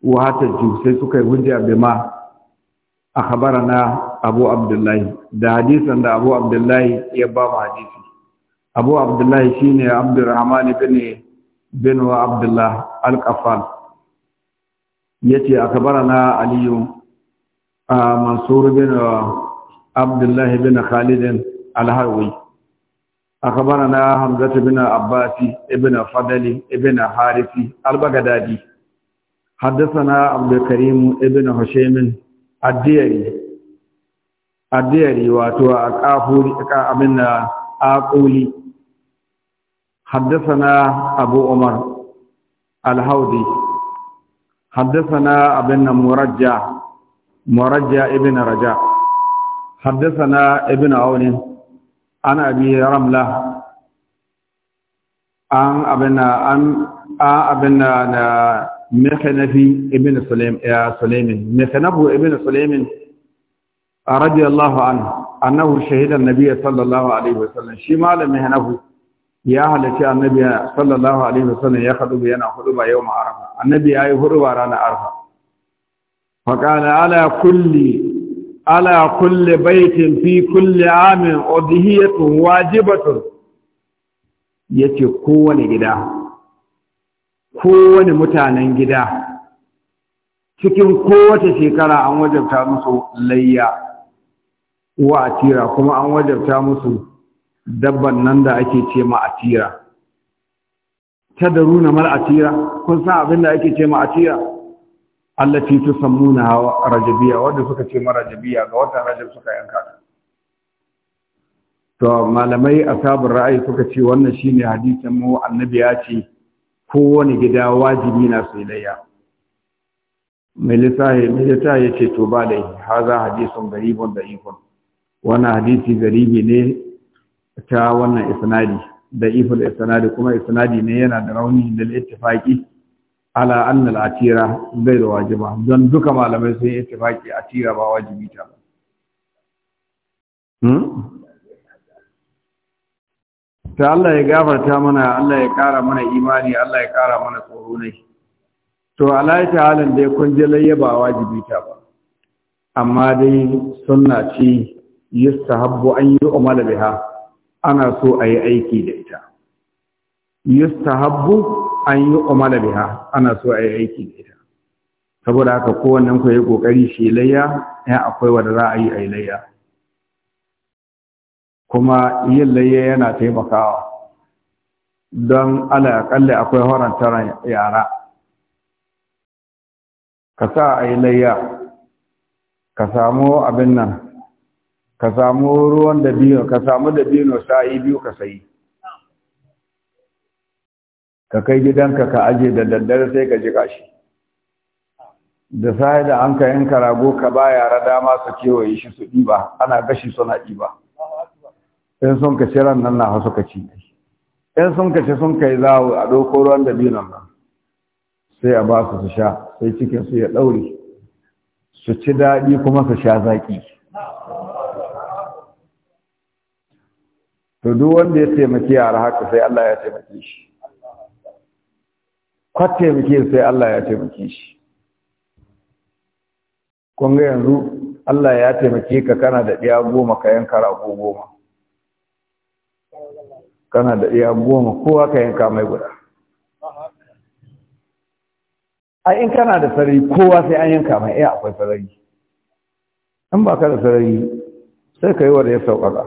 wa ta ju sai suka yi hujja bi ma akhbarana abu abdullahi da hadisan da abu abdullahi ya ba hadisi abu abdullahi shine abdurrahman ibn bin wa abdullah al-qaffal yace akhbarana aliyu mansur bin abdullahi bin khalid al-harwi akhbarana hamzah bin abbasi ibn fadli ibn harisi al-baghdadi حدثنا عبد الكريم ابن هشيم addiyari addiyari wato a kafuri ka abin da aquli haddathana abu umar alhaudi haddasa na abin murajja murajja ibn raja na ibn auni an abi ramla an abin an abin na mekanafi ibn sulaimin mekanafu ibn sulaimin radiyallahu anhu shahida annabi sallallahu alaihi wasallam shi malam mekanafu ya halarci annabi sallallahu alaihi wasallam ya hudu yana hudu ba yau arafa annabi ya yi hudu ba ranar arafa فقال على كل على كل بيت في كل عام أضحية واجبة yace kowane gida kowane mutanen gida cikin kowace shekara an wajabta musu layya wa atira kuma an wajabta musu dabban nan da ake ce ma atira ta runa mar atira kun san abin da ake ce ma atira allati hawa rajabiya wanda suka ce ma rajabiya ga wata rajab suka yanka to malamai asabul ra'ayi suka ce wannan shine hadisin mu annabi ya ce kowane gida wajibi na su layya mai littafi ya ce to ba da haza hadisun garibun da ikon wannan hadisi garibi ne ta wannan isnadi da ifil isnadi kuma isnadi ne yana da rauni da ittifaqi ala an atira bai da wajiba don duka malamai sun yi ittifaqi atira ba wajibi ta hmm? ta Allah ya gafarta mana Allah ya ƙara mana imani Allah ya ƙara mana tsoro ne to alayi ta halin dai kun ji layyaba wajibi ta ba amma dai sunna ce yustahabbu an yi biha ana so a yi aiki da ita yustahabbu an yi biha ana so a yi aiki da ita saboda haka kowannen ku yi kokari shi layya ya akwai wanda za a yi a layya kuma yin layya yana taimakawa don alaƙalle akwai horantaran yara ka sa a yi layya ka samu abin nan ka samu ruwan dabino ka samu dabino sa'i biyu ka sayi ka kai gidanka ka aje da daddare sai ka jika shi da sa'ida da an ka yin rago ka ba yara dama su kewaye shi su ɗiba ana gashi suna ɗiba in sun ka ci nan na hasu ka ci in sun ka ci sun kai zawo a ɗauko ruwan da binan nan sai a ba su su sha sai cikin su ya ɗaure su ci daɗi kuma su sha zaƙi to duk wanda ya taimaki yara haka sai Allah ya taimake shi kwat taimake sai Allah ya taimake shi kun ga yanzu Allah ya taimake ka kana da ɗiya goma ka yanka rago goma kana da iya goma kowa ka yanka mai guda a in kana da sarari kowa sai an yanka mai iya eh, akwai sarari in ba ka da sarari sai ka yi wadda ya sauƙaƙa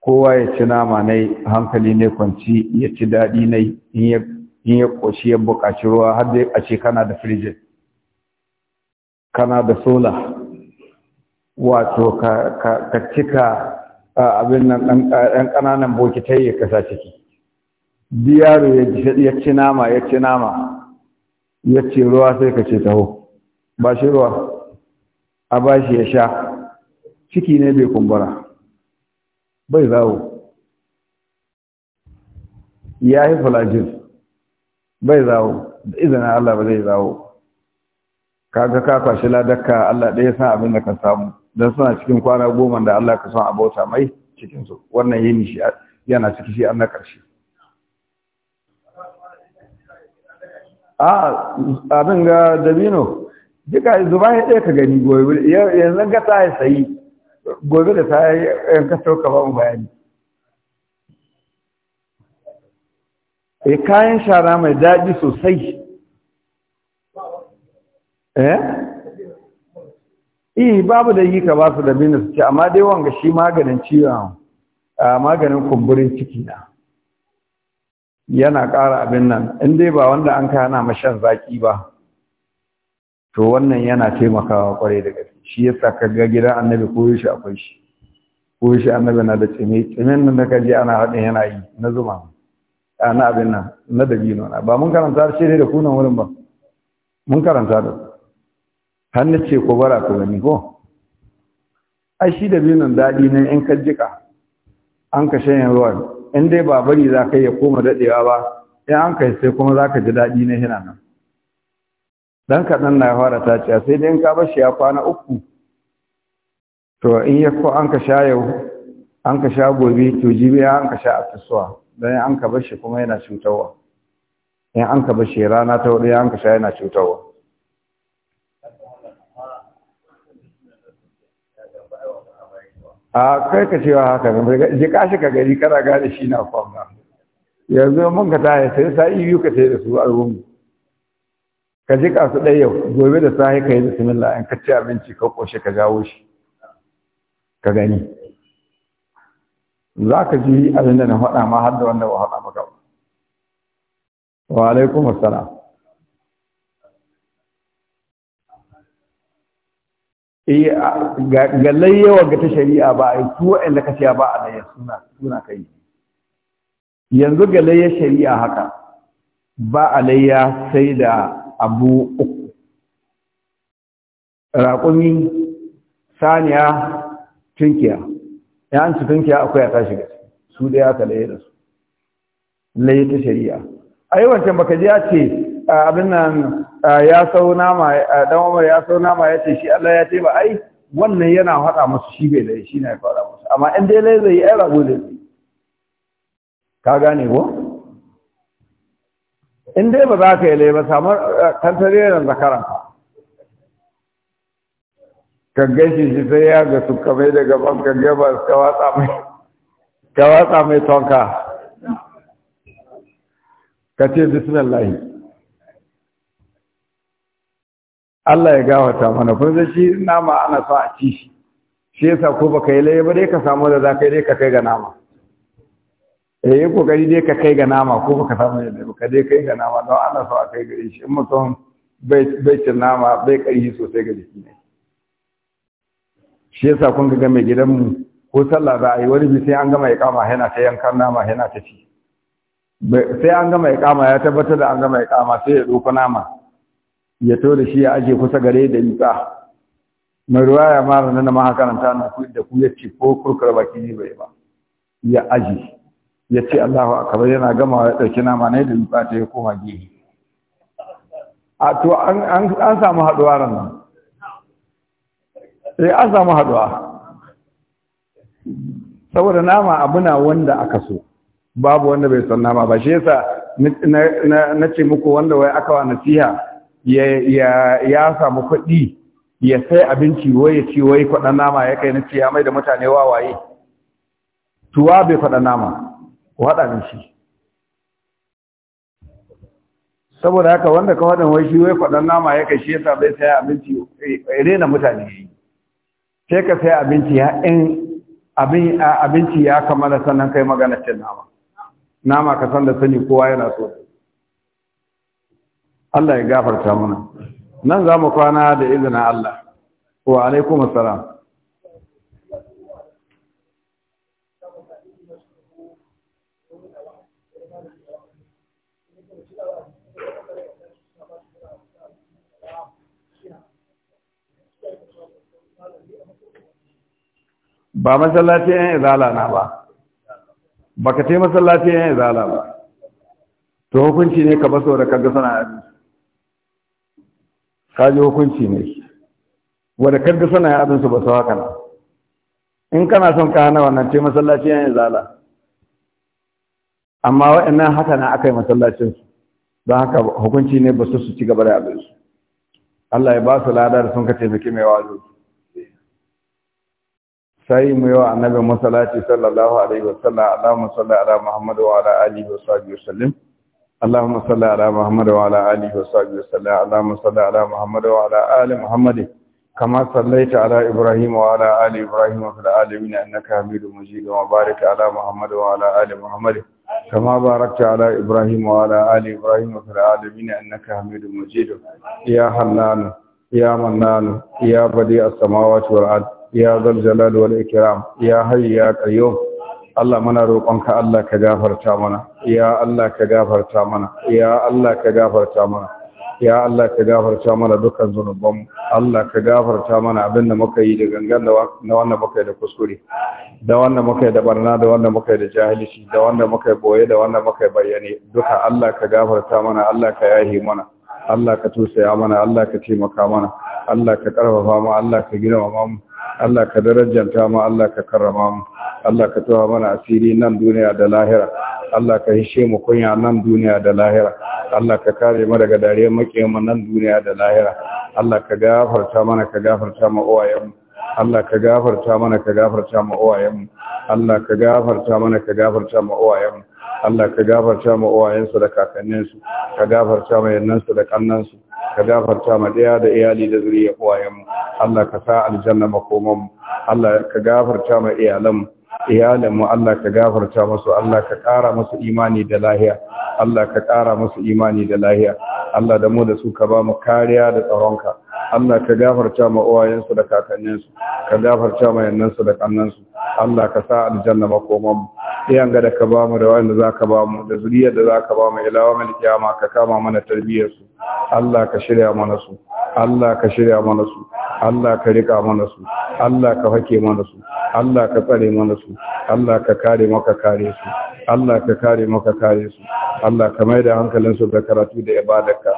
kowa ya ci nama na hankali ne kwanci ya ci daɗi na in ya ƙoshi ya buƙaci ruwa har da a ce kana da firjin kana da sola wato ka cika abin nan ɗan ƙananan bokitai ya kasa ciki yaro ya ci nama ya ci nama ya ce ruwa sai ka ce taho ba shi ruwa a ba shi ya sha ciki ne bai kumbura bai zawo ya yi fulajin bai zawo da izina Allah ba zai zawo kaga ka kwashi ladakka Allah ɗaya sa abin da ka samu don suna cikin kwana goma da Allah ka son a bauta mai cikinsu wannan yini shi yana ciki shi an na ƙarshe a abin ga dabino duka zuba ya ka gani gobe yanzu ga ta ya sayi gobe da ta yi yan kasar ka ba mu bayani e kayan shara mai daɗi sosai eh eh babu da yi ka ba su da bina su ce amma dai wanga shi maganin ciwon maganin kumburin ciki na yana ƙara abin nan in dai ba wanda an kana mashan zaki ba to wannan yana taimakawa kwarai da gaske shi yasa ka ga gidan annabi ko shi akwai shi ko shi annabi na da tsime tsimen nan da kaje ana haɗin yana yi na zuma na abin nan na dabino na ba mun karanta shi ne da kunan wurin ba mun karanta da su Hannu ce ko bara ko gani ko a shi da binin daɗi na 'yan ka an ka shanyen ruwan in dai ba bari za ka yi ya koma daɗewa ba in an ka sai kuma za ka ji daɗi na hina nan dan kaɗan na fara taciya sai dai in ka bashi ya kwana uku to in ya ko an ka sha yau an ka sha gobe to jibi an ka sha a kasuwa don an ka bashi kuma yana cutarwa in an ka bashi rana ta wuri an ka sha yana cutarwa a kai ka cewa haka nan je ka shi ka gari kana gane shi na kwamba yanzu mun ka taya sai sa iyu ka sai da su a ka je ka su ɗaya yau gobe da sai kai bismillah in ka ci abinci ka koshe ka jawo shi ka gani za ka ji abin na faɗa ma har da wanda ba faɗa maka wa alaikum assalam eh ga layyawa ga ta shari'a ba a yi tuwa inda ka ce ba a layya suna suna kai yanzu ga layya shari'a haka ba a layya sai da abu uku raƙumi saniya tunkiya yan su tunkiya akwai a tashi gaske su da ya ka layya da su layya ta shari'a a yi wancan baka ji a ce abin nan ya sau nama dan Umar ya sau nama ya ce shi Allah ya ce ba ai wannan yana faɗa musu shi bai da shi na ya faɗa musu amma in dai lai zai ai rago zai ka gane ko in dai ba za ka yi lai ba samu kantareren da ka ka gaishe shi sai ya ga su kamar da gaban ka ka watsa mai ka watsa mai tonka ka ce bismillah Allah ya gawata mana kun san shi nama ana so a ci shi shi yasa ko baka yi laye ba dai ka samu da zakai dai ka kai ga nama eh yi kokari dai ka kai ga nama ko baka samu da zakai ka dai kai ga nama don ana so a kai gare shi in mutum bai bai cin nama bai karhi sosai ga jiki ne shi yasa kun ga mai gidanmu ko sallah za a yi wani sai an gama ya kama yana ta yankan nama yana ta ci sai an gama ya kama ya tabbatar da an gama ya kama sai ya ɗauko nama ya to da shi ya aje kusa gare da yutsa mai ruwaya ma ranar na mahakaranta na kuɗi da ku ya ce ko kurkura baki ne bai ba ya aje ya ce Allahu akbar yana gama ya dauki nama ne da yutsa ta ya koma gehe a to an samu haduwa nan. sai an samu haduwa eh, saboda nama abu na wanda aka so babu wanda bai san nama ba shi yasa na ce muku wanda wai aka wa nasiha ya samu kuɗi ya sai abinci wai ya ce wai kwaɗan nama ya kai na ce ya mai da mutane wawaye tuwa bai kwaɗan nama ku haɗa ni shi saboda haka wanda ka haɗa wai shi wai kwaɗan nama ya kai shi ya sa bai sai abinci rena mutane ya yi sai ka sai abinci ya in abinci ya kamala sannan kai magana cin nama nama ka san da sani kowa yana so Allah ya gafarta muna nan za mu kwana da izinin Allah wa alaikum assalam ba masallaci yan izala na ba baka te masallaci yan izala ba to hukunci ne ka baso da kaga sana'a kaji hukunci ne wanda kaga sana ya abin su ba su haka na in kana son ka hana wannan ce masallaci yan zala amma wa'annan haka na aka yi masallacin su don haka hukunci ne ba su su ci gaba da abin su Allah ya ba su lada da sun ka taimaki mai wazo sai mu yi wa annabi masallaci sallallahu alaihi wasallam Allahumma salli ala Muhammad wa ala alihi wa sahbihi wasallam اللهم صل على محمد وعلى آله وصحبه وسلم اللهم صل على محمد وعلى آل محمد كما صليت على إبراهيم وعلى آل إبراهيم في العالمين إنك حميد مجيد وبارك على محمد وعلى آل محمد كما باركت على إبراهيم وعلى آل إبراهيم في العالمين إنك حميد مجيد يا حنان يا منان يا بديع السماوات والأرض يا ذا الجلال والإكرام يا حي يا قيوم Allah muna roƙonka Allah ka gafarta mana ya Allah ka gafarta mana ya Allah ka gafarta mana ya Allah ka gafarta mana dukkan zunubanmu Allah ka gafarta mana abin da muka yi da gangan da wanda muka yi da kuskure da wanda muka yi da barna da wanda muka yi da jahilci da wanda muka yi boye da wanda muka yi bayyane duka Allah ka gafarta mana Allah ka yahi mana Allah ka tusaya mana Allah ka taimaka mana Allah ka karfafa mu Allah ka gina mu Allah ka darajanta mu Allah ka karrama mu Allah ka tawa mana asiri nan duniya da lahira Allah ka hishe mu kunya nan duniya da lahira Allah ka kare mu daga dariyar makiyamu nan duniya da lahira Allah ka gafarta mana ka gafarta mu uwayenmu Allah ka gafarta mana ka gafarta mu uwayenmu Allah ka gafarta mana ka gafarta mu uwayenmu Allah ka gafarta uwayen uwayensu da kakanninsu ka gafarta mu yannansu da kannansu ka gafarta ma daya da iyali da zuriya uwayenmu Allah ka sa aljanna makoman Allah ka gafarta ma iyalan iyalan mu Allah ka gafarta masu. Allah ka ƙara masu imani da lahiya Allah ka ƙara masu imani da lahiya Allah da mu da su ka ba mu kariya da tsaronka Allah ka gafarta ma uwayensu da kakanninsu ka gafarta ma yannansu da kannansu Allah ka sa aljanna makoman mu iyan ga da ka ba mu da wanda za ba mu da zuriyar da za ba mu ilawa mal kiyama ka kama mana tarbiyar su Allah ka shirya mana su Allah ka shirya mana su Allah ka rika mana su Allah ka fake mana su Allah ka tsare mana su Allah ka kare maka kare su Allah ka kare maka kare su Allah ka maida hankalinsu da karatu da ibadarka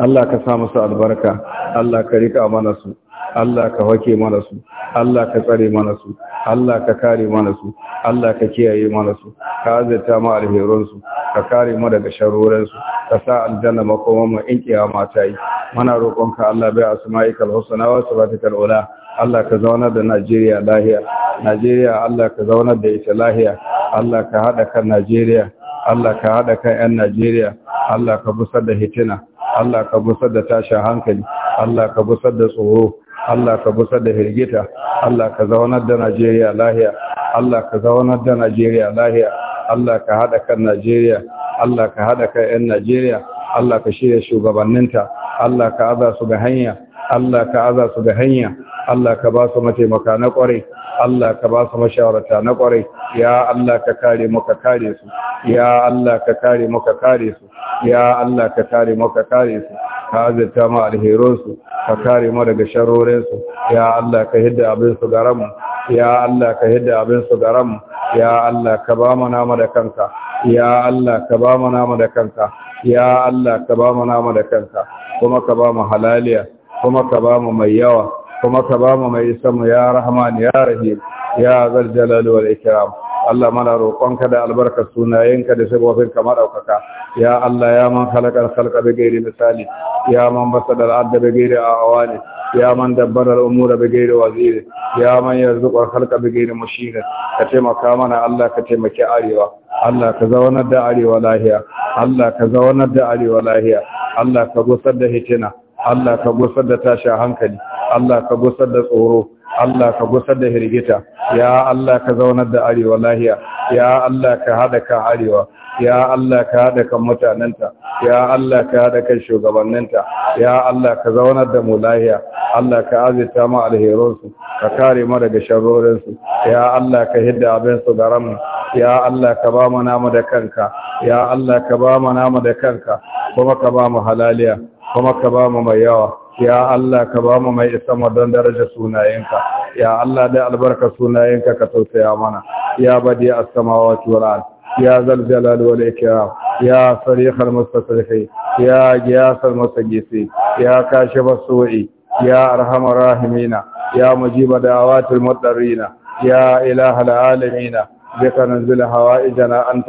Allah ka sa musu albarka Allah ka rika mana su Allah ka wake mana su Allah ka tsare mana su Allah ka kare mana su Allah ka kiyaye mana su ka azurta mu alherin ka kare mu daga sharorin ka sa aljanna makoman mu in kiyama ta yi muna roƙonka ka Allah bai asma'ikal husna wa sifatikal ula Allah ka zaunar da Najeriya lahiya Najeriya Allah ka zaunar da ita lahiya Allah ka haɗa kan Najeriya Allah ka haɗa kan 'yan Najeriya Allah ka busar da hitina Allah ka busar da tashin hankali Allah ka busar da tsoro Allah ka busar da hirgita Allah ka zaunar da Najeriya lahiya Allah ka zaunar da Najeriya lahiya Allah ka hada kan Najeriya Allah ka hada kan 'yan Najeriya Allah ka shirya shugabanninta Allah ka aza su ga hanya Allah ka aza su ga hanya Allah ka ba su mataimaka na ƙwarai. Allah ka ba su mashawarta na ƙwarai. ya Allah ka kare mu ka kare su ya Allah ka kare mu ka kare su ya Allah ka kare mu ka kare su ka azurta mu alherin su ka kare mu daga sharorin ya Allah ka hidda abin su garamu ya Allah ka hidda abin su garamu ya Allah ka ba mu nama da kanka ya Allah ka ba mu nama da kanka ya Allah ka ba mu nama da kanka kuma ka ba mu halaliya kuma ka ba mu mai yawa kuma ka ba mu mai samu ya rahman ya rahim ya zal jalal wal ikram Allah mana roƙonka da albarkar sunayenka da sabobin kamar Ya Allah ya man halakar halka da misali, ya man basadar adda da gairi a awani, ya man dabbarar umura da gairi waziri, ya man yarzuƙar halka da gairi ka taimaka mana Allah ka taimaki arewa. Allah ka zaunar da arewa lahiya, Allah ka zaunar da arewa lahiya, Allah ka gusar da hitina, Allah ka gusar da tashin hankali Allah ka gusar da tsoro Allah ka gusar da hirgita ya Allah ka zaunar da arewa lahiya ya Allah ka hada ka arewa ya Allah ka hada kan mutanenta ya Allah ka hada kan shugabanninta ya Allah ka zaunar da mu lahiya Allah ka azita mu alheransu ka kare mu daga sharrorinsu ya Allah ka hidda abin su garan ya Allah ka ba mu namu da kanka ya Allah ka ba mu namu da kanka kuma ka ba mu halaliya kuma ka ba mu mai yawa ya Allah ka ba mu mai isa don daraja sunayenka ya Allah da albarka sunayenka ka tausaya mana ya badi as-samawati wal ard ya zal jalali wal ikram ya sarih al mustasrifi ya giyas al ya kashif as ya arhamar rahimina ya mujiba da'awatil mudarrina ya ilaha al alamin بك ننزل هوائجنا أنت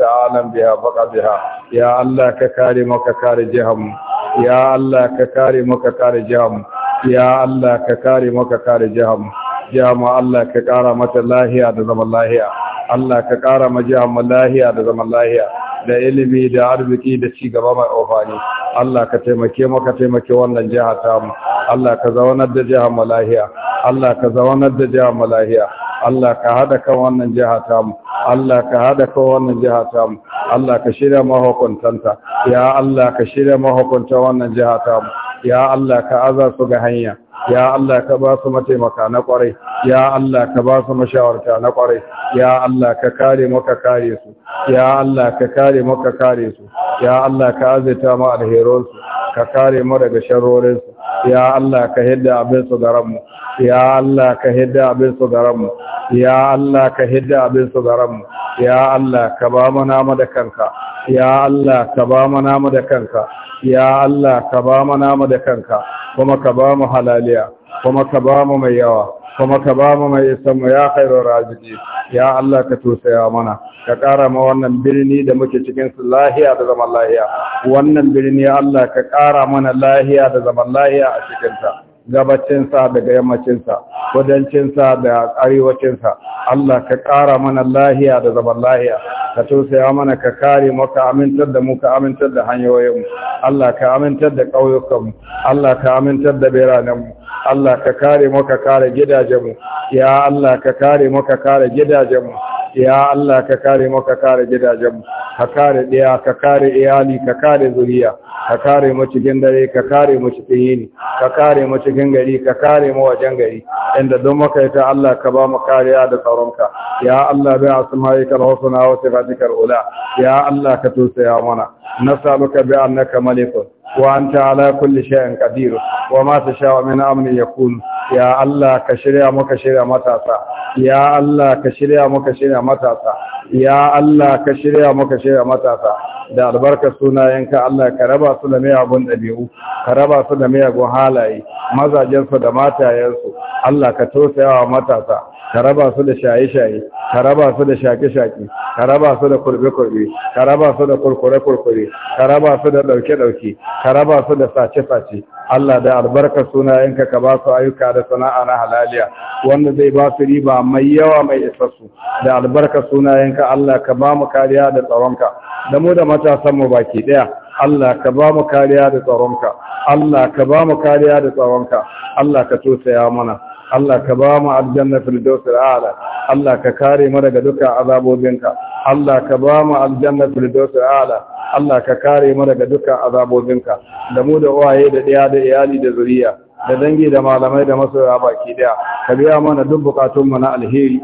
Ya Allah ka kare يا الله ككارم وككار جهم ya Allah ka kare maka kare jiham ya Allah ka kare maka kare jiham jihama Allah ka kara mata lahiya da zaman lahiya Allah ka kara ma jihama lahiya da zaman lahiya da ilimi da arziki da ci gaba mai ofani Allah ka taimake mu ka taimake wannan jiha ta mu Allah ka zaunar da jihama lahiya Allah ka zaunar da jihama lahiya Allah ka hada kan wannan jiha tamu Allah ka hada kan wannan jiha tamu Allah ka shirya mahukuntanta ya Allah ka shirya mahukunta wannan jiha tamu ya Allah ka aza su ga hanya ya Allah ka ba su mataimaka na kwarai ya Allah ka ba su mashawarta na kwarai ya Allah ka kare mu ka kare su ya Allah ka kare mu ka kare su ya Allah ka azita mu alherin su ka kare mu daga sharrorin su ya Allah ka hidda abin su garanmu. mu ya Allah ka hidda abin su garanmu. mu ya Allah ka hidda abin su garanmu. mu ya Allah ka ba mu nama da kanka ya Allah ka ba mu nama da kanka ya Allah ka ba mu nama da kanka kuma ka ba mu halaliya kuma ka ba mu mai yawa kuma ka ba mu mai isan ya khairu raziki ya Allah ka tosaya mana ka ƙara ma wannan birni da muke cikin su lahiya da zaman lahiya wannan birni Allah ka ƙara mana lahiya da zaman lahiya a cikinta gabacinsa daga yammacinsa kudancinsa da arewacinsa Allah ka ƙara mana lahiya da zaman lahiya ka tausaya mana ka kare mu ka amintar da mu ka amintar da hanyoyinmu Allah ka amintar da ƙauyukanmu Allah ka amintar da biranenmu Allah ka kare mu ka kare gidajenmu ya Allah ka kare mu ka kare gidajenmu ya Allah ka kare mu ka kare gidajenmu ka kare ɗaya ka kare iyali ka kare zuriya ka kare mu cikin dare ka kare mu cikin yini ka kare mu cikin gari ka kare mu wajen gari inda don ta Allah ka ba mu kariya da tsaronka ya Allah bi asma'ika alhusna wa sifatika alula ya Allah ka tusaya mana nasaluka bi annaka malikun وأنت على كل شيء قدير وما تشاء من أمر يكون يا الله كشريا مكشريا متاسا يا الله كشريا مكشريا متاسا يا الله كشريا مكشريا متاسا da albarkar sunayenka Allah ka raba su da miyagun ɗabi'u ka raba su da miyagun halaye mazajensu da matayensu Allah ka tosa yawa matasa ka raba su da shaye-shaye ka raba su da shaƙe-shaƙe ka raba su da kurbe-kurbe ka raba su da kurkure-kurkure ka raba su da ɗauke-ɗauke ka raba su da sace-sace Allah da suna sunayenka ka ba su ayyuka da sana'a na halaliya wanda zai ba su riba mai yawa mai isassu da suna sunayenka Allah ka ba mu kariya da tsaronka da mu da matasan mu baki ɗaya Allah ka ba mu kariya da tsaronka Allah ka ba mu kariya da tsaronka Allah ka tosaya mana Allah ka ba mu aljanna firdaus ala Allah ka kare mu daga duka azabobinka Allah ka ba mu aljanna firdaus ala Allah ka kare mu daga duka azabobinka da mu da uwaye da ɗaya da iyali da zuriya da dangi da malamai da masoya baki daya ka biya mana duk bukatun mu na alheri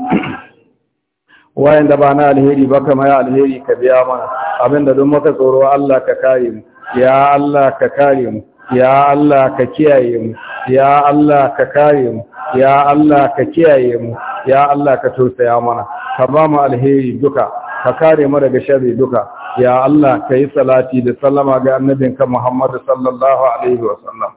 wayanda ba na alheri ba kama ya alheri ka biya mana abinda duk muka tsoro Allah ka kare mu ya Allah ka kare mu ya Allah ka kiyaye mu ya Allah ka kare mu ya Allah ka kiyaye mu ya Allah ka tausaya mana ka ba mu alheri duka ka kare mu daga sharri duka ya Allah ka yi salati da sallama ga annabinka Muhammad sallallahu alaihi Wasallam.